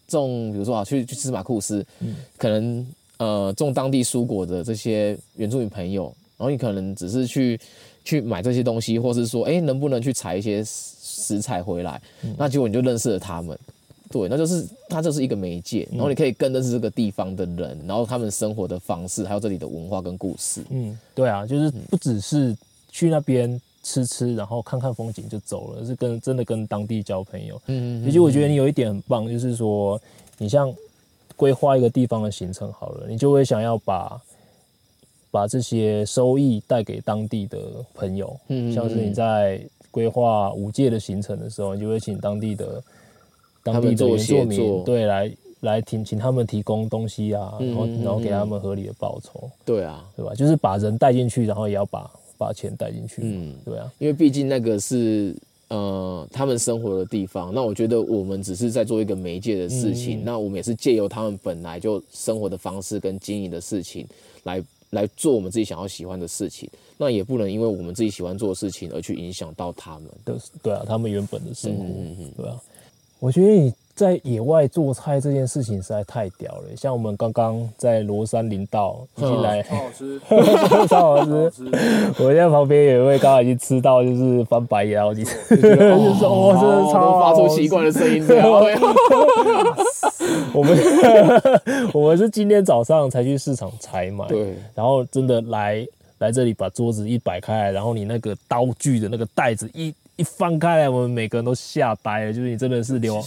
種，比如說啊去去司馬庫斯、嗯，可能呃種當地蔬果的這些原住民朋友，然後你可能只是去去買這些東西，或是說哎、欸、能不能去採一些食材回來、嗯，那結果你就認識了他們。對，那就是它就是一個媒介，然後你可以跟的是這個地方的人、嗯，然後他們生活的方式，還有這裡的文化跟故事。嗯，對啊，就是不只是去那邊吃吃，然後看看風景就走了，是跟真的跟當地交朋友。嗯嗯而且，嗯，我覺得你有一點很棒，就是說，你像規劃一個地方的行程好了，你就會想要把把這些收益帶給當地的朋友。嗯，嗯，嗯，像是你在規劃五屆的行程的時候，你就會請當地的。當地的原住民，他們做協作，對，來來請請他們提供東西啊，嗯、然後然後給他們合理的報酬。對、嗯、啊、嗯，對吧？就是把人帶進去，然後也要把把錢帶進去。嗯，對啊，因為畢竟那個是呃他們生活的地方。那我覺得我們只是在做一個媒介的事情。嗯、那我們也是借由他們本來就生活的方式跟經營的事情來來做我們自己想要喜歡的事情。那也不能因為我們自己喜歡做的事情而去影響到他們的對，對啊，他們原本的生活、嗯。對啊。我覺得你在野外做菜這件事情實在太屌了。像我們剛剛在羅山林道已經來，嗯，超好吃， <laughs> 超好吃，超好吃我現在旁邊有一位剛剛已經吃到就是翻白眼 <laughs> 就，、哦，就是次，我，哦哦，真的發出奇怪的聲音對， <laughs> <laughs> 啊。我們 <laughs> 我們是今天早上才去市場採買，然後真的來來這裡把桌子一擺開，然後你那個刀具的那個袋子一。一翻開來，我們每個人都嚇呆了，就是你真的是牛，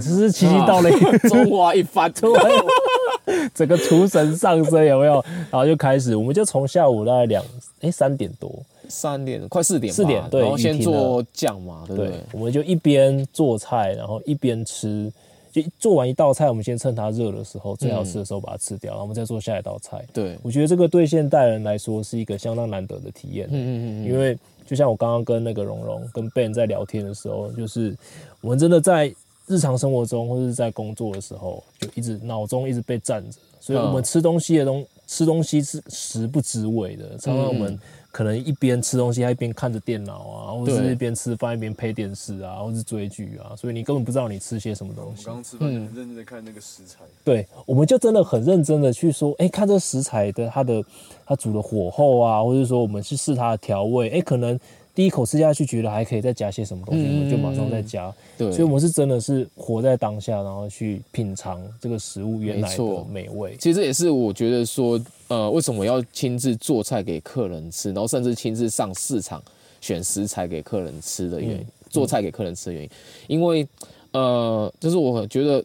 只是，是七星刀了、啊、 <laughs> 一雷中華一番， <laughs> <laughs> 整個廚神上身有沒有？然後就開始，我們就從下午大概兩哎、欸、三點多，三點快四點吧，四點對，然後先做醬嘛，對、對、對，我們就一邊做菜，然後一邊吃，就做完一道菜，我們先趁它熱的時候最好吃的時候把它吃掉，然後我們再做下一道菜、嗯。對，我覺得這個對現代人來說是一個相當難得的體驗，嗯嗯、嗯嗯，因為。就像我剛剛跟那個蓉蓉、跟 Ben 在聊天的時候，就是我們真的在日常生活中或者是在工作的時候，就一直腦中一直被占着，所以我們吃東西的東。吃東西是食不知味的，常常我們可能一邊吃東西還一邊看着電腦啊，嗯、或者是邊吃飯一邊配電視啊，或是追劇啊，所以你根本不知道你吃些什麼東西。我剛吃飯很認真地看那個食材、嗯，對，我們就真的很認真地去說，哎、欸，看這食材的它的它煮的火候啊，或者說我們去試它的調味，哎、欸，可能。第一口吃下去，覺得還可以，再加些什麼東西，我、嗯、們就馬上再加。對，所以我們是真的是活在當下，然後去品嘗這個食物原來的美味。其實這也是我覺得說，呃，為什麼我要親自做菜給客人吃，然後甚至親自上市場選食材給客人吃的原因、嗯嗯、做菜給客人吃的原因，因為，呃，就是我覺得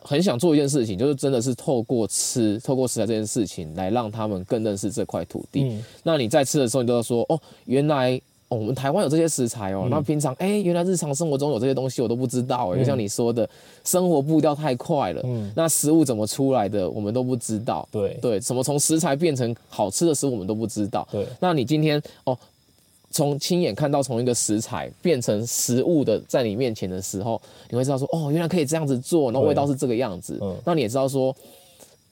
很想做一件事情，就是真的是透過吃，透過食材這件事情來讓他們更認識這塊土地、嗯。那你在吃的時候，你都要說哦，原來。我們台灣有這些食材哦、喔嗯，那平常哎、欸，原來日常生活中有這些東西我都不知道哎、欸嗯，就像你說的，生活步調太快了，嗯，那食物怎麼出來的我們都不知道，對對，什麼從食材變成好吃的食物我們都不知道，對，那你今天哦，從、喔、親眼看到從一個食材變成食物的在你面前的時候，你會知道說哦、喔，原來可以這樣子做，然後味道是這個樣子，嗯、那你也知道說。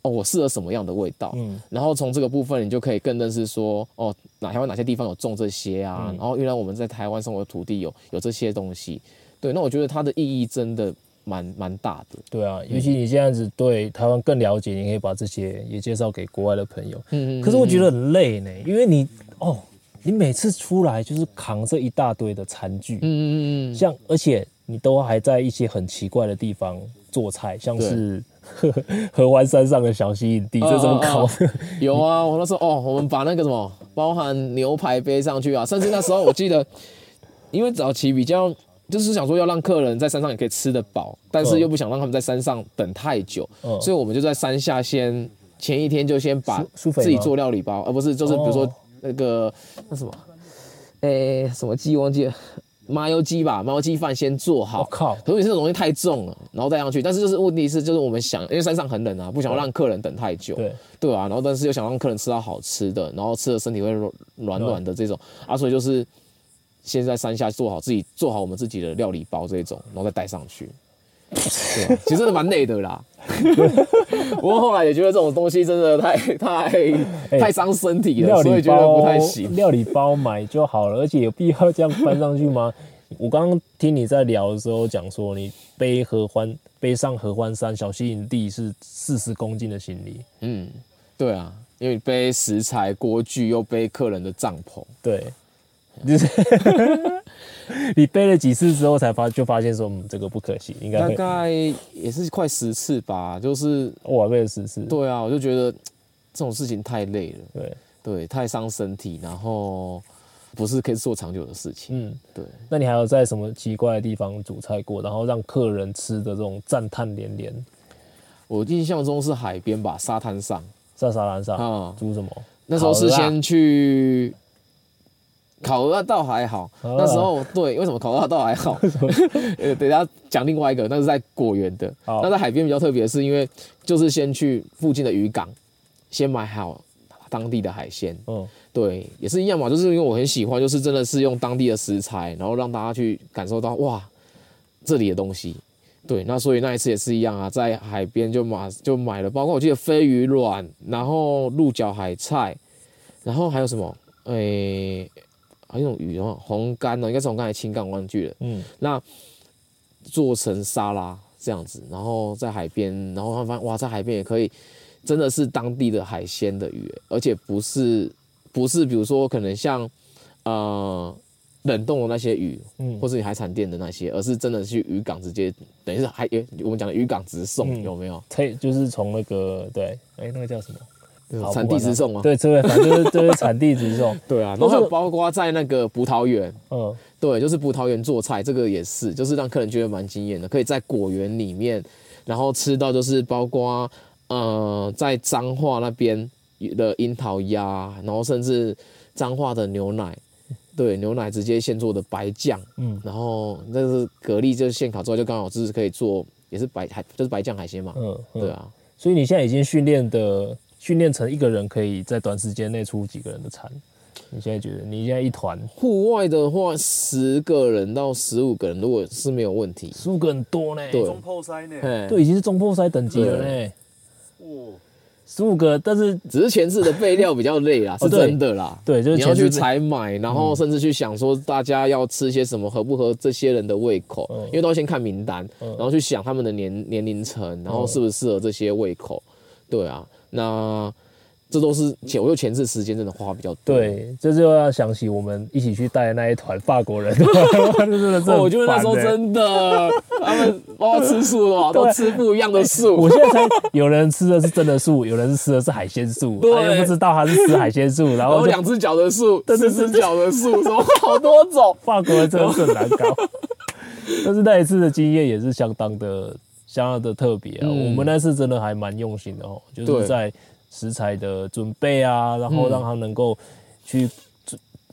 哦，我適合什麼樣的味道？嗯，然後從這個部分，你就可以更認識說，哦，台灣哪些地方有種這些啊？嗯，然後原來我們在台灣生活的土地有有這些東西，對，那我覺得它的意義真的蠻蠻大的。對啊，尤其你這樣子對台灣更了解，你可以把這些也介紹給國外的朋友。嗯，嗯，嗯，可是我覺得很累呢，因為你哦，你每次出來就是扛着一大堆的餐具，嗯嗯嗯，像而且你都還在一些很奇怪的地方做菜，像是。合 <laughs> 歡山上的小溪營地這啊啊啊啊，這麼烤有啊，我那時候哦，我們把那個什麼，包含牛排背上去啊，甚至那時候我記得， <laughs> 因為早期比較就是想說要讓客人在山上也可以吃得飽，但是又不想讓他們在山上等太久，嗯、所以我們就在山下先前一天就先把自己做料理包，而不是就是比如說那個、哦、那什麼，誒、欸、什麼雞忘記了。麻油雞吧，麻油雞飯先做好。我、oh、靠，可是你這個東西太重了，然後帶上去。但是就是問題，是就是我們想，因為山上很冷啊，不想讓客人等太久。對、oh, 對啊，然後但是又想讓客人吃到好吃的，然後吃了身體會暖暖的這種、oh, 啊，所以就是先在山下做好自己，做好我們自己的料理包這種，然後再帶上去。對、啊， <laughs> 其實真的蠻累的啦。 <laughs> 不過後來也覺得這種東西真的太太太傷身體了、欸料理，所以覺得不太行。料理包買就好了，而且有必要這樣搬上去嗎？ <laughs> 我剛剛聽你在聊的時候講說，你背合歡，背上合歡山小溪營地是四十公斤的行李。嗯，對啊，因為你背食材、鍋具，又背客人的帳篷，對，就是。你背了幾次之後才發就發現說，嗯，這個不可行。應該大概也是快十次吧，就是我背了十次。對啊，我就覺得這種事情太累了，對對，太傷身體，然後不是可以做長久的事情。嗯，對。那你還有在什麼奇怪的地方煮菜過，然後讓客人吃的這種讚嘆連連？我印象中是海邊吧，沙灘上，在沙灘上，嗯，煮什麼？那時候是先去。烤鵝倒還好，oh, 那時候對，為什麼烤鵝倒還好？呃， <laughs> 等一下講另外一個，那是在果園的，那、oh. 在海邊比較特別的是，因為就是先去附近的漁港，先買好當地的海鮮。嗯、oh.，對，也是一樣嘛，就是因為我很喜歡，就是真的是用當地的食材，然後讓大家去感受到哇，這裡的東西。對，那所以那一次也是一樣啊，在海邊就買就買了，包括我記得飛魚卵，然後鹿角海菜，然後還有什麼？誒、欸。還、啊、有一種魚的話，紅乾的，應該是我們剛才青槓關聚的。嗯，那做成沙拉這樣子，然後在海邊，然後他發現哇，在海邊也可以，真的是當地的海鮮的魚，而且不是不是，比如說可能像呃冷凍的那些魚，嗯，或是你海產店的那些，而是真的去漁港直接，等於是海我們講的漁港直送、嗯、有沒有？可以，就是從那個對，哎、欸，那個叫什麼？產地直送啊！對，這個反正就是產、就是、產地直送。 <laughs> 對啊，然後還有包括在那個葡萄園，嗯，對，就是葡萄園做菜，這個也是，就是讓客人覺得蠻驚艷的。可以在果園裡面，然後吃到就是包括，嗯、呃，在彰化那邊的櫻桃鴨，然後甚至彰化的牛奶，對，牛奶直接現做的白醬，嗯，然後那是蛤蜊就是現烤之後就剛好就是可以做，也是白海就是白醬海鮮嘛，嗯，對啊，所以你現在已經訓練的。訓練成一個人可以在短時間內出幾個人的餐，你現在覺得你現在一團戶外的話，十個人到十五個人如果是沒有問題，十五個很多呢、欸，對，中破腮呢，對，已經是中破腮等級了呢。十五個，但是只是前置的備料比較累啦，是真的啦， <laughs> 哦、對，就是你要去採買，然後甚至去想說大家要吃些什麼合不合這些人的胃口，因為都要先看名單，然後去想他們的年年齡層，然後是不是適合這些胃口，對啊。那這都是前我有前置時間真的花比較多，對，這就要想起我們一起去帶的那一團法國人我就會說真的，、欸、真的他們哇吃素了都吃不一樣的素 <laughs> 我現在才有人吃的是真的素，有人吃的是海鮮素對，他也不知道他是吃海鮮素然後兩隻腳的素、四隻腳的素什麼好多種，法國人真的很難搞 <laughs> 但是那一次的經驗也是相當的加了的特別啊、嗯，我們那次真的還蠻用心的哦，就是在食材的準備啊，然後讓他能夠去、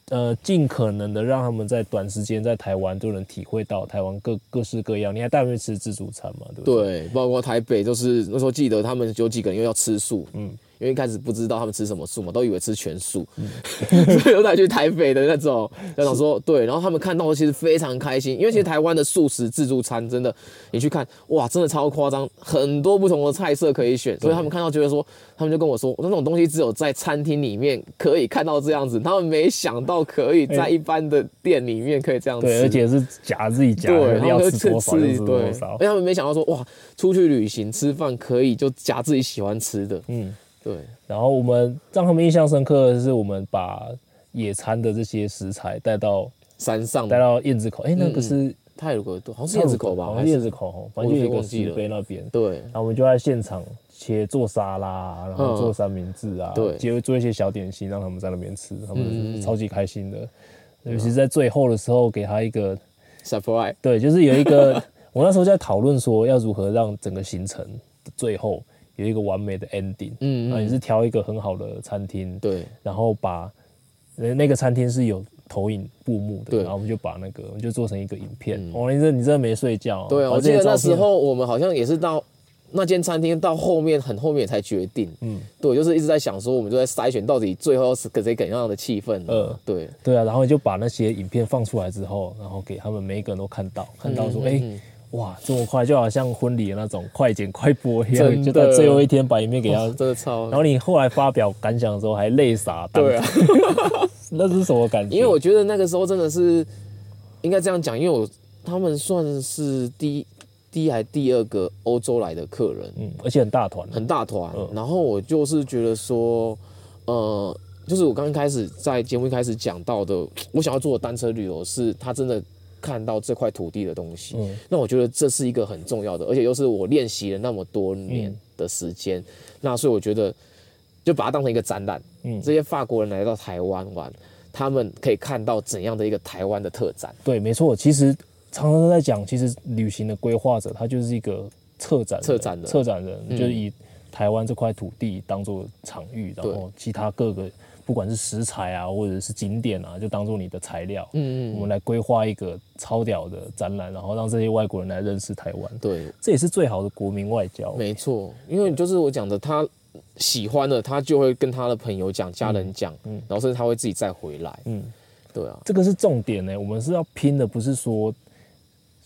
嗯、呃盡可能的讓他們在短時間在台灣就能體會到台灣各各，各式各樣。你還帶他們吃自助餐嘛？對不對？對，包括台北都，就是那時候記得他們有幾個人又要吃素，嗯。因為一開始不知道他們吃什麼素嘛，都以為吃全素，嗯、 <laughs> <laughs> 所以有帶去台北的那種。就想說，對，然後他們看到其實非常開心，因為其實台灣的素食自助餐真的，你去看哇，真的超誇張，很多不同的菜色可以選。所以他們看到覺得說，他們就跟我說，那種東西只有在餐廳裡面可以看到這樣子，他們沒想到可以在一般的店裡面可以這樣吃、欸。對，而且是夾自己夾，然後吃多少就吃多少。因為他們沒想到說哇，出去旅行吃飯可以就夾自己喜歡吃的。嗯。對，然後我們讓他們印象深刻的是，我們把野餐的這些食材帶到山上，帶到燕子口。哎、欸嗯，那個是太，國多，好像是燕子口吧，好像是燕子口？反正一個紀念碑那邊。對，然後我們就在現場切做沙拉，然後做三明治啊，嗯、對，做一些小點心讓他們在那邊吃，他們是超級開心的。尤、嗯、其是在最後的時候，給他一個 surprise，、嗯、對，就是有一個， <laughs> 我那時候就在討論說要如何讓整個行程的最後。有一個完美的 ending，嗯，嗯啊，也是挑一個很好的餐廳，對，然後把那個餐廳是有投影布幕的，然後我們就把那個，我們就做成一個影片。哇、嗯哦，你這你真的沒睡覺、啊？對啊，啊我記得那時候我們好像也是到那間餐廳到後面很後面才決定，嗯，對，就是一直在想說，我們就在篩選到底最後是給誰給那樣的氣氛，呃，對，對啊，然後你就把那些影片放出來之後，然後給他們每一個人都看到，看到說，哎、嗯。欸嗯哇，這麼快，就好像婚禮的那種快剪快播一樣，就在最後一天把影片給他，哦，真的超，然後你後來發表感想的時候還淚灑，對啊， <laughs> <laughs> 那是什麼感覺？因為我覺得那個時候真的是應該這樣講，因為我他們算是第一第一還第二個歐洲來的客人，嗯，而且很大團，很大團。嗯，然後我就是覺得說，呃，就是我剛開始在節目一開始講到的，我想要做的單車旅遊是，他真的。看到這塊土地的東西、嗯，那我覺得這是一個很重要的，而且又是我練習了那麼多年的時間、嗯，那所以我覺得就把它當成一個展覽，嗯，這些法國人來到台灣玩，他們可以看到怎樣的一個台灣的特展？對，沒錯，其實常常在講，其實旅行的規劃者他就是一個策展策展策展人，策展人、嗯，就是以台灣這塊土地當做場域，然後其他各個。不管是食材啊，或者是景點啊，就當做你的材料，嗯，嗯，我們來規劃一個超屌的展覽，然後讓這些外國人來認識台灣。對，這也是最好的國民外交欸。沒錯，因為就是我講的，他喜歡的，他就會跟他的朋友講、家人講，嗯，嗯，然後甚至他會自己再回來。嗯，對啊，這個是重點呢，欸。我們是要拼的，不是說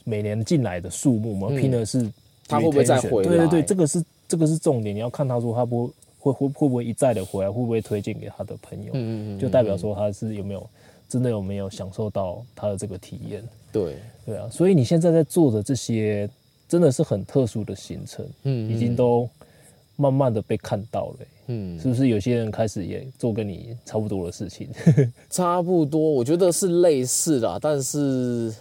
每年進來的數目，我們拼的是，嗯，他會不會再回來。對對對，這個是這個是重點，你要看他說他不。會會不會一再的回來？會不會推薦給他的朋友？嗯嗯，就代表說他是有沒有真的有沒有享受到他的這個體驗？對對啊，所以你現在在做的這些真的是很特殊的行程，嗯，嗯，已經都慢慢的被看到了，嗯，是不是有些人開始也做跟你差不多的事情？ <laughs> 差不多，我覺得是類似的，但是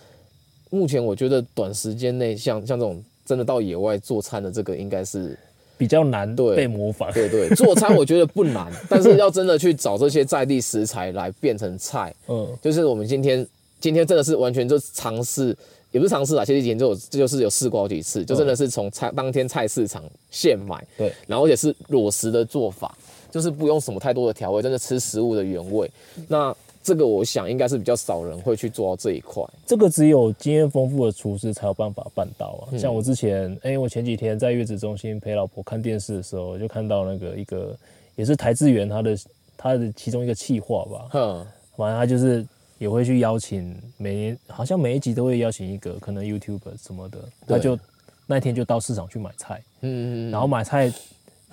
目前我覺得短時間內，像像這種真的到野外做餐的這個應該是。比較難，對，被模仿。對,對對，做餐我覺得不難， <laughs> 但是要真的去找這些在地食材來變成菜，嗯，就是我們今天今天真的是完全就嘗試，也不是嘗試啊，前幾天就這就是有試過好幾次，就真的是從菜、嗯、當天菜市場現買，對，然後也是裸食的做法，就是不用什麼太多的調味，真的吃食物的原味，那。這個我想應該是比較少人會去做到這一塊，這個只有經驗豐富的廚師才有辦法辦到啊。像我之前，哎，我前幾天在月子中心陪老婆看電視的時候，就看到那個一個也是台資源他的他的其中一個企劃吧，嗯，反正他就是也會去邀請每年好像每一集都會邀請一個可能 YouTuber 什麼的，他就那天就到市場去買菜，嗯嗯嗯，然後買菜。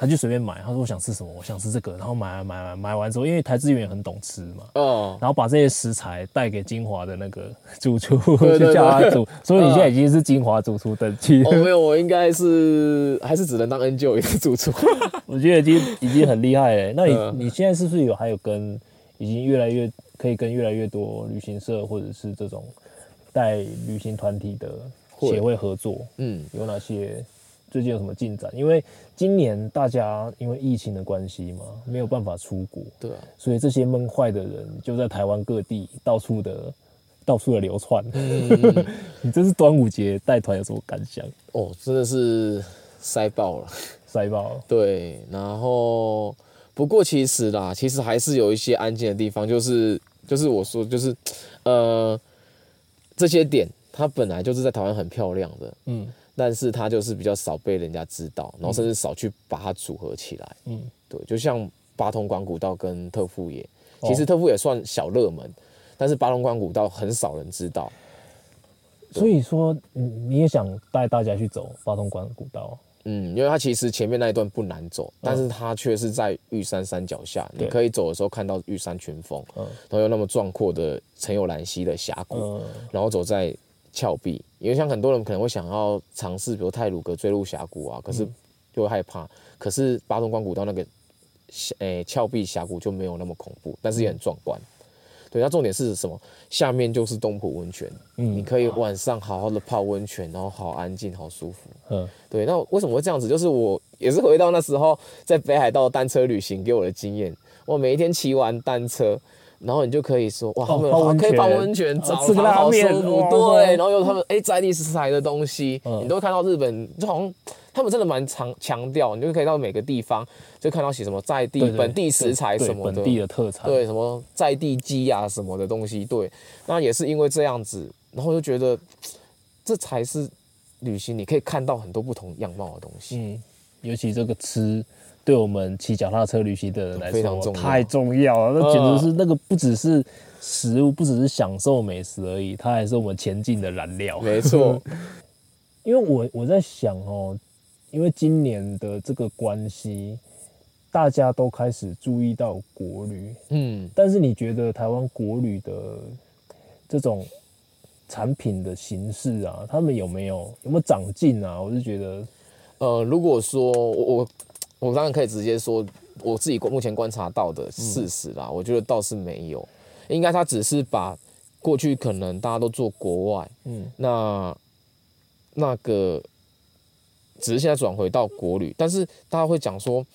他就隨便買，他說我想吃什麼，我想吃這個，然後買來買來買買完之後，因為台資員很懂吃嘛，嗯，然後把這些食材帶給金華的那個主廚，就叫他煮、嗯，所以你現在已經是金華主廚等級了。哦，沒有，我應該是還是只能當 N Joy 的主廚。我覺得已經已經很厲害了，欸嗯。那你你現在是不是有還有跟已經越來越可以跟越來越多旅行社或者是這種帶旅行團體的協會合作會？嗯，有哪些？最近有什麼進展？因為今年大家因為疫情的關係嘛，沒有辦法出國，對啊，所以這些悶壞的人就在台灣各地到處的到處的，到處的流竄。嗯嗯嗯 <laughs> 你這是端午節帶團有什麼感想？哦，真的是塞爆了，塞爆了。對，然後不過其實啦，其實還是有一些安靜的地方，就是就是我說就是呃這些點，它本來就是在台灣很漂亮的，嗯。但是它就是比較少被人家知道，然後甚至少去把它組合起來。嗯，對，就像八通關古道跟特富野，其實特富也算小熱門，哦，但是八通關古道很少人知道。所以說，你你也想帶大家去走八通關古道？嗯，因為它其實前面那一段不難走，但是它卻是在玉山山腳下，嗯，你可以走的時候看到玉山群峰，嗯，然後有那麼壯闊的陳有蘭溪的峽谷，嗯，然後走在峭壁。因為像很多人可能會想要嘗試，比如太魯閣錐麓峽谷啊，可是就會害怕。嗯、可是八通關古道那個，誒、欸、峭壁峽谷就沒有那麼恐怖，但是也很壯觀、嗯。對，那重點是什麼？下面就是東埔溫泉、嗯，你可以晚上好好的泡溫泉，然後好安靜，好舒服。嗯，對。那為什麼會這樣子？就是我也是回到那時候在北海道單車旅行給我的經驗。我每一天騎完單車。然後你就可以說哇，哦、他們泉可以泡溫泉，哦、吃拉麵、哦，對。然後有他們哎、欸，在地食材的東西，嗯、你都看到日本，就好像他們真的蠻強強調，你就可以到每個地方就看到寫什麼在地對對對，本地食材什麼的，對，對，對，對，本地的特產對，什麼在地雞呀、啊、什麼的東西，對。那也是因為這樣子，然後就覺得這才是旅行，你可以看到很多不同樣貌的東西，嗯，尤其這個吃。對我們騎腳踏車旅行的人來說，太重要了。那簡直是那個不只是食物，嗯、不只是享受美食而已，它還是我們前進的燃料。沒錯， <laughs> 因為我我在想哦、喔，因為今年的這個關係，大家都開始注意到國旅。嗯，但是你覺得台灣國旅的這種產品的形式啊，他們有沒有有沒有長進啊？我就覺得，呃，如果說我我。我當然可以直接說我自己目前觀察到的事實啦。嗯、我覺得倒是沒有，應該他只是把過去可能大家都做國外，嗯，那那個只是現在轉回到國旅，但是大家會講說，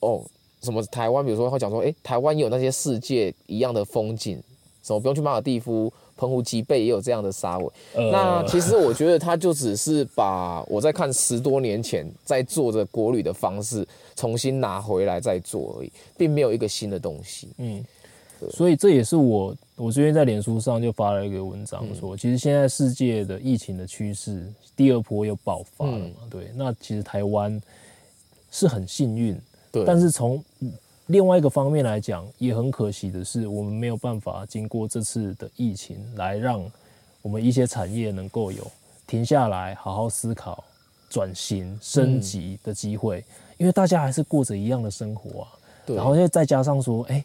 哦，什麼台灣，比如說會講說，哎、欸，台灣有那些世界一樣的風景，什麼不用去馬爾地夫，澎湖吉貝也有這樣的沙尾。呃、那其實我覺得他就只是把我在看十多年前在做着國旅的方式重新拿回來再做而已，並沒有一個新的東西。嗯，所以這也是我我最近在臉書上就發了一個文章說，說、嗯、其實現在世界的疫情的趨勢第二波又爆發了嘛，嗯、對，那其實台灣是很幸運，對，但是從另外一個方面來講，也很可惜的是，我們沒有辦法經過這次的疫情來讓我們一些產業能夠有停下來好好思考，轉型升級的機會，嗯，因為大家還是過着一樣的生活啊對。然後再加上說，哎、欸，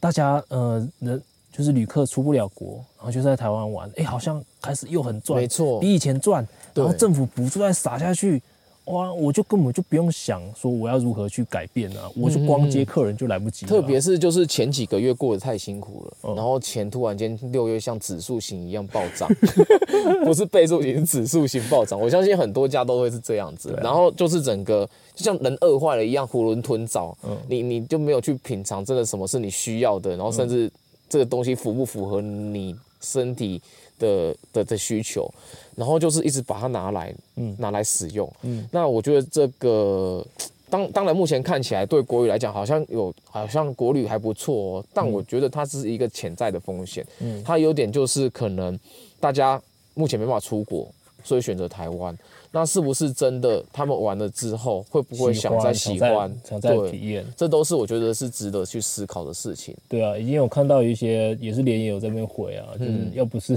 大家呃，人就是旅客出不了國，然後就在台灣玩，哎、欸，好像開始又很賺，沒錯，比以前賺。然後政府補助再撒下去。哇，我就根本就不用想說我要如何去改變啊，我就光接客人就來不及了，啊嗯。特別是就是前幾個月過得太辛苦了，嗯、然後錢突然間六月像指數型一樣暴漲， <laughs> <laughs> 不是倍數型，是指數型暴漲。我相信很多家都會是這樣子，啊、然後就是整個就像人餓壞了一樣囫圇吞棗，嗯，你你就沒有去品嘗真的什麼是你需要的，然後甚至這個東西符不符合你身體的的的需求。然後就是一直把它拿來，嗯，拿來使用，嗯。那我覺得這個，當當然目前看起來對國旅來講，好像有，好像國旅還不錯哦。但我覺得它是一個潛在的風險，嗯，它有點就是可能大家目前沒辦法出國，所以選擇台灣。那是不是真的他們玩了之後，會不會想再喜、喜歡？想再體驗？這都是我覺得是值得去思考的事情。對啊，已經有看到一些，也是連夜有在那邊回啊，就是要、嗯、不是。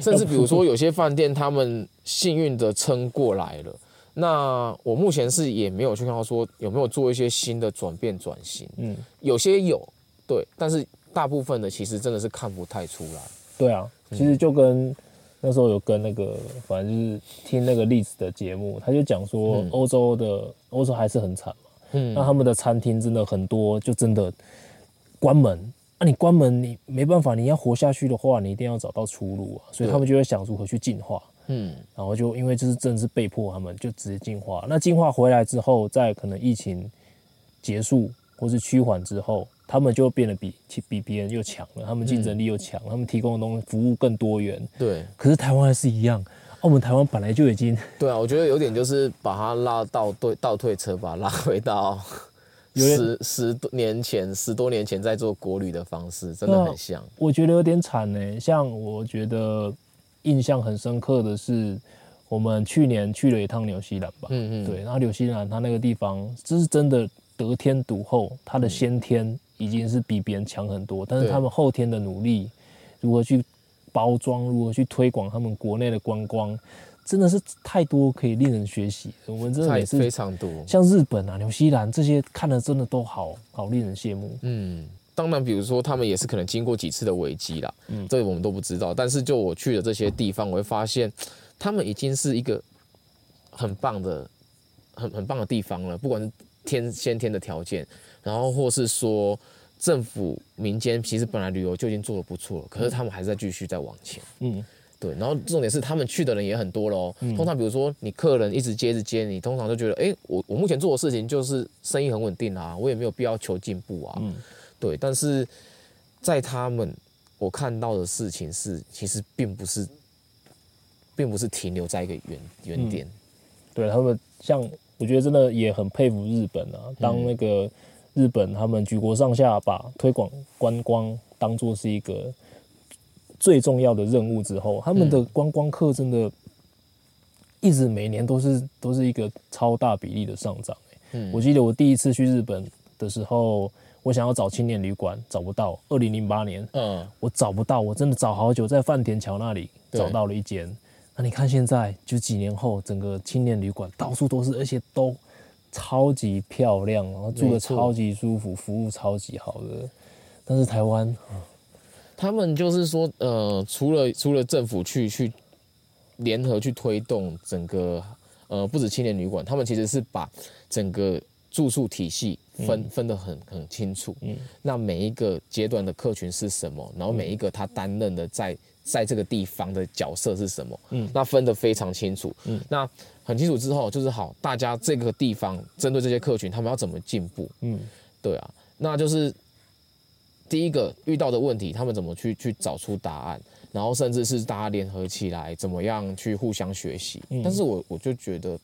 甚至比如說有些飯店，他們幸運的撐過來了。那我目前是也沒有去看到說有沒有做一些新的轉變轉型。嗯，有些有，對，但是大部分的其實真的是看不太出來。對啊，其實就跟、嗯、那時候有跟那個，反正就是聽那個例子的節目，他就講說歐洲的、嗯、歐洲還是很慘嘛。嗯，那他們的餐廳真的很多，就真的關門。啊、你關門，你沒辦法，你要活下去的話，你一定要找到出路啊。所以他們就會想如何去進化。嗯，然後就因為這是政治是被迫，他們就直接進化。那進化回來之後，在可能疫情結束或是趨緩之後，他們就變得比比別人又強了，他們競爭力又強、嗯，他們提供的東西服務更多元。對。可是台灣還是一樣，澳門、台灣本來就已經。對啊，我覺得有點就是把它拉到對倒退車把它拉回到。 <laughs> 十十多年前，十多年前在做國旅的方式真的很像，我覺得有點慘呢，欸。像我覺得印象很深刻的是，我們去年去了一趟紐西蘭吧，嗯嗯，對，然後紐西蘭它那個地方，就是真的得天獨厚，它的先天已經是比別人強很多，但是他們後天的努力，如何去包裝，如何去推廣他們國內的觀光。真的是太多可以令人學習，我們真的也是非常多，像日本啊、紐西蘭這些看得真的都好好令人羨慕。嗯，當然，比如說他們也是可能經過幾次的危機啦，嗯，這我們都不知道。但是就我去的這些地方，我會發現他們已經是一個很棒的、很很棒的地方了。不管是天先天的條件，然後或是說政府、民間，其實本來旅遊就已經做得不錯了，嗯，可是他們還是在繼續在往前。嗯。對，然後重點是他們去的人也很多咯、嗯。通常比如說你客人一直接一直接，你通常就覺得，哎、欸，我我目前做的事情就是生意很穩定啊，我也沒有必要求進步啊、嗯。對。但是在他們我看到的事情是，其實並不是，並不是停留在一個原原點、嗯。對，他們像我覺得真的也很佩服日本啊，當那個日本他們舉國上下把推廣觀光當做是一個。最重要的任務之後，他們的觀光客真的一直每年都是都是一個超大比例的上漲、欸嗯。我記得我第一次去日本的時候，我想要找青年旅館找不到。二零零八年、嗯，我找不到，我真的找好久，在飯田橋那裡找到了一間。那你看現在就幾年後，整個青年旅館到處都是，而且都超級漂亮，然後住得超級舒服，服務超級好的。但是台灣。嗯他們就是說，呃，除了除了政府去去聯合去推動整個，呃，不止青年旅館，他們其實是把整個住宿體系分、嗯、分得很很清楚。嗯，那每一個階段的客群是什麼？然後每一個他擔任的在在這個地方的角色是什麼？嗯，那分得非常清楚。嗯，那很清楚之後就是好，大家這個地方針對這些客群，他們要怎麼進步？嗯，對啊，那就是。第一個遇到的問題，他們怎麼去去找出答案，然後甚至是大家聯合起來，怎麼樣去互相學習，嗯。但是我我就覺得，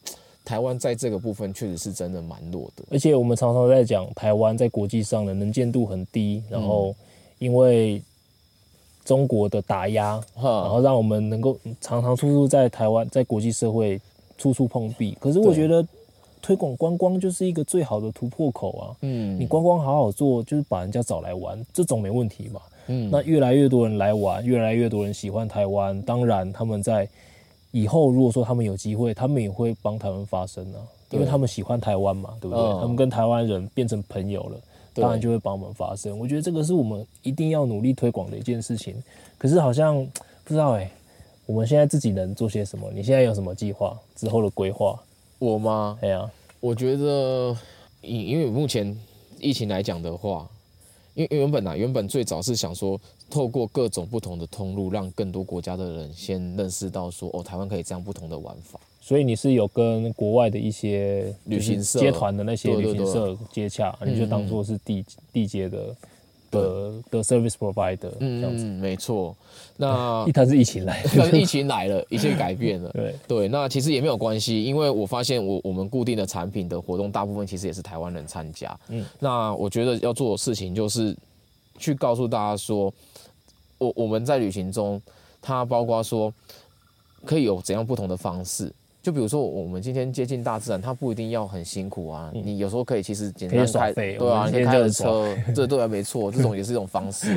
台灣在這個部分確實是真的蠻弱的。而且我們常常在講台灣在國際上的能見度很低，然後因為中國的打壓，嗯，然後讓我們能夠常常處處在台灣在國際社會處處碰壁。可是我覺得。推廣觀光就是一個最好的突破口啊！嗯，你觀光好好做，就是把人家找來玩，這總沒問題嘛。嗯，那越來越多人來玩，越來越多人喜歡台灣，當然他們在以後如果說他們有機會，他們也會幫台灣發聲啊。對，因為他們喜歡台灣嘛，對不對？哦、他們跟台灣人變成朋友了，當然就會幫我們發聲。我覺得這個是我們一定要努力推廣的一件事情。可是好像不知道哎、欸，我們現在自己能做些什麼？你現在有什麼計劃？之後的規劃？我嗎？哎呀、啊，我覺得，因因為目前疫情來講的話，因為原本啊，原本最早是想說，透過各種不同的通路，讓更多國家的人先認識到說，哦，台灣可以這樣不同的玩法。所以你是有跟國外的一些、就是，那些旅行社接團的那些旅行社接洽，你就當做是地嗯嗯，地接的。的的 service provider。這樣子，嗯，嗯，沒錯。那它是疫情來了，， <laughs> 疫情來了，一切改變了，對對。那其實也沒有關係，因為我發現我我們固定的產品的活動，大部分其實也是台灣人參加，嗯，那我覺得要做的事情就是去告訴大家說，我我們在旅行中，它包括說可以有怎樣不同的方式。就比如說，我們今天接近大自然，它不一定要很辛苦啊。嗯、你有時候可以其實簡單開，對啊，你開着車，對對啊，沒錯，這種也是一種方式。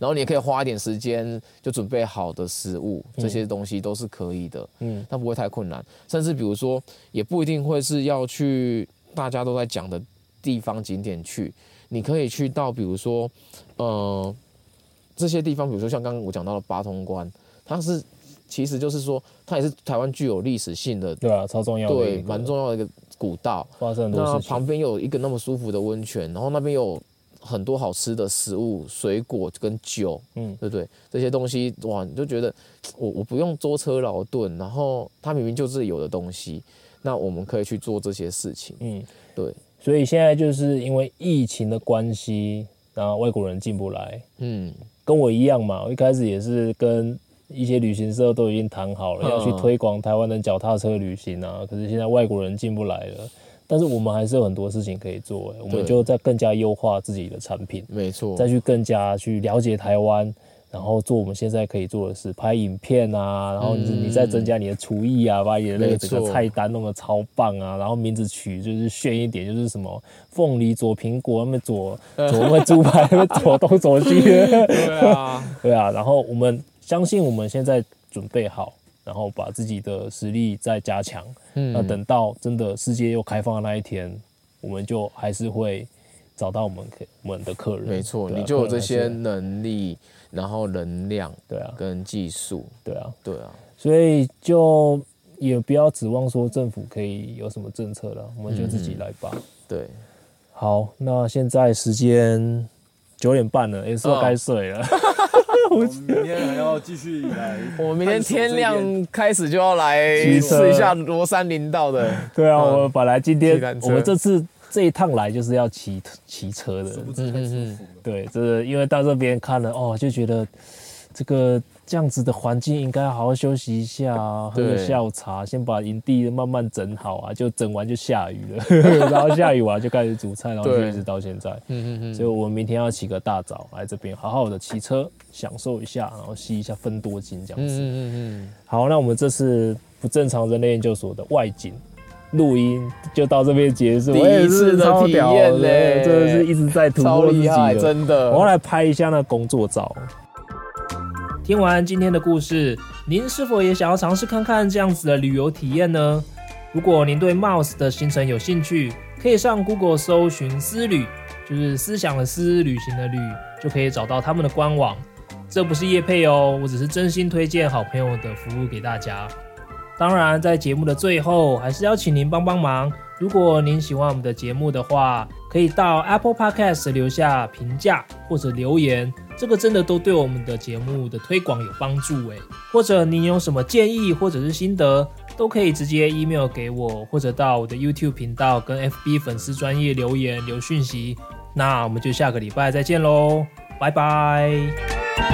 然後你也可以花一點時間，就準備好的食物、嗯、這些東西都是可以的，嗯，但不會太困難。甚至比如說，也不一定會是要去大家都在講的地方景點去，你可以去到比如說，呃，這些地方，比如說像剛剛我講到的八通關，它是。其實就是說，它也是台灣具有歷史性的，對啊，超重要，對，蠻重要的一個古道。發生那旁邊有一個那麼舒服的溫泉，然後那邊有很多好吃的食物、水果跟酒，嗯，對不對？這些東西哇，你就覺得我我不用舟車勞頓，然後它明明就是有的東西，那我們可以去做這些事情，嗯，對。所以現在就是因為疫情的關係，然後外國人進不來，嗯，跟我一樣嘛，我一開始也是跟。一些旅行社都已經談好了，嗯、要去推廣台灣的腳踏車旅行啊,可是現在外國人進不來了，但是我們還是有很多事情可以做，欸，我們就再更加優化自己的產品，沒錯，再去更加去了解台灣，然後做我們現在可以做的事，拍影片啊，然後你、嗯、你再增加你的廚藝啊，把你的那個整個菜單弄得超棒啊，然後名字取就是炫一點，就是什麼鳳梨佐蘋果，那麼佐佐豬排，佐東佐西、 <laughs> 啊，對啊， <laughs> 對啊，然後我們。相信我們現在準備好，然後把自己的實力再加強。嗯，那等到真的世界又開放的那一天，我們就還是會找到我們客我們的客人。沒錯、對啊，你就有這些能力，然後能量，對啊，跟技術，對啊，對啊。所以就也不要指望說政府可以有什麼政策了，我們就自己來吧。嗯、對，好，那現在時間九點半了，也、欸、是該睡了。Oh. <laughs> 我明天還要繼續來。我明天天亮開始就要來試一下羅山林道的。對啊，我本來今天我們這次這一趟來就是要騎騎車的。嗯、是是的。對，就是因為到這邊看了哦，就覺得這個。這樣子的環境應該好好休息一下，啊、喝個下午茶，先把營地慢慢整好啊，就整完就下雨了， <laughs> 然後下雨完就開始煮菜，然後就一直到現在。嗯嗯嗯，所以我們明天要起個大早來這邊，好好的騎車享受一下，然後吸一下芬多精這樣子。嗯嗯好，那我們這次不正常人類研究所的外景錄音就到這邊結束。第一次的體驗嘞，欸，真的是一直在突破自己，超厲害，真的。我要來拍一下那工作照。聽完今天的故事，您是否也想要嘗試看看這樣子的旅遊體驗呢？如果您對 Mouse 的行程有興趣，可以上 Google 搜尋“思旅”，就是思想的思，旅行的旅，就可以找到他們的官網。這不是業配哦，我只是真心推薦好朋友的服務給大家。當然，在節目的最後，還是邀請您幫幫忙。如果您喜歡我們的節目的話，可以到 Apple Podcast 留下評價或者留言，這個真的都對我們的節目的推廣有幫助哎。或者你有什麼建議或者是心得，都可以直接 email 給我，或者到我的 YouTube 頻道跟 FB 粉絲專頁留言留訊息。那我們就下個禮拜再見嘍，拜拜。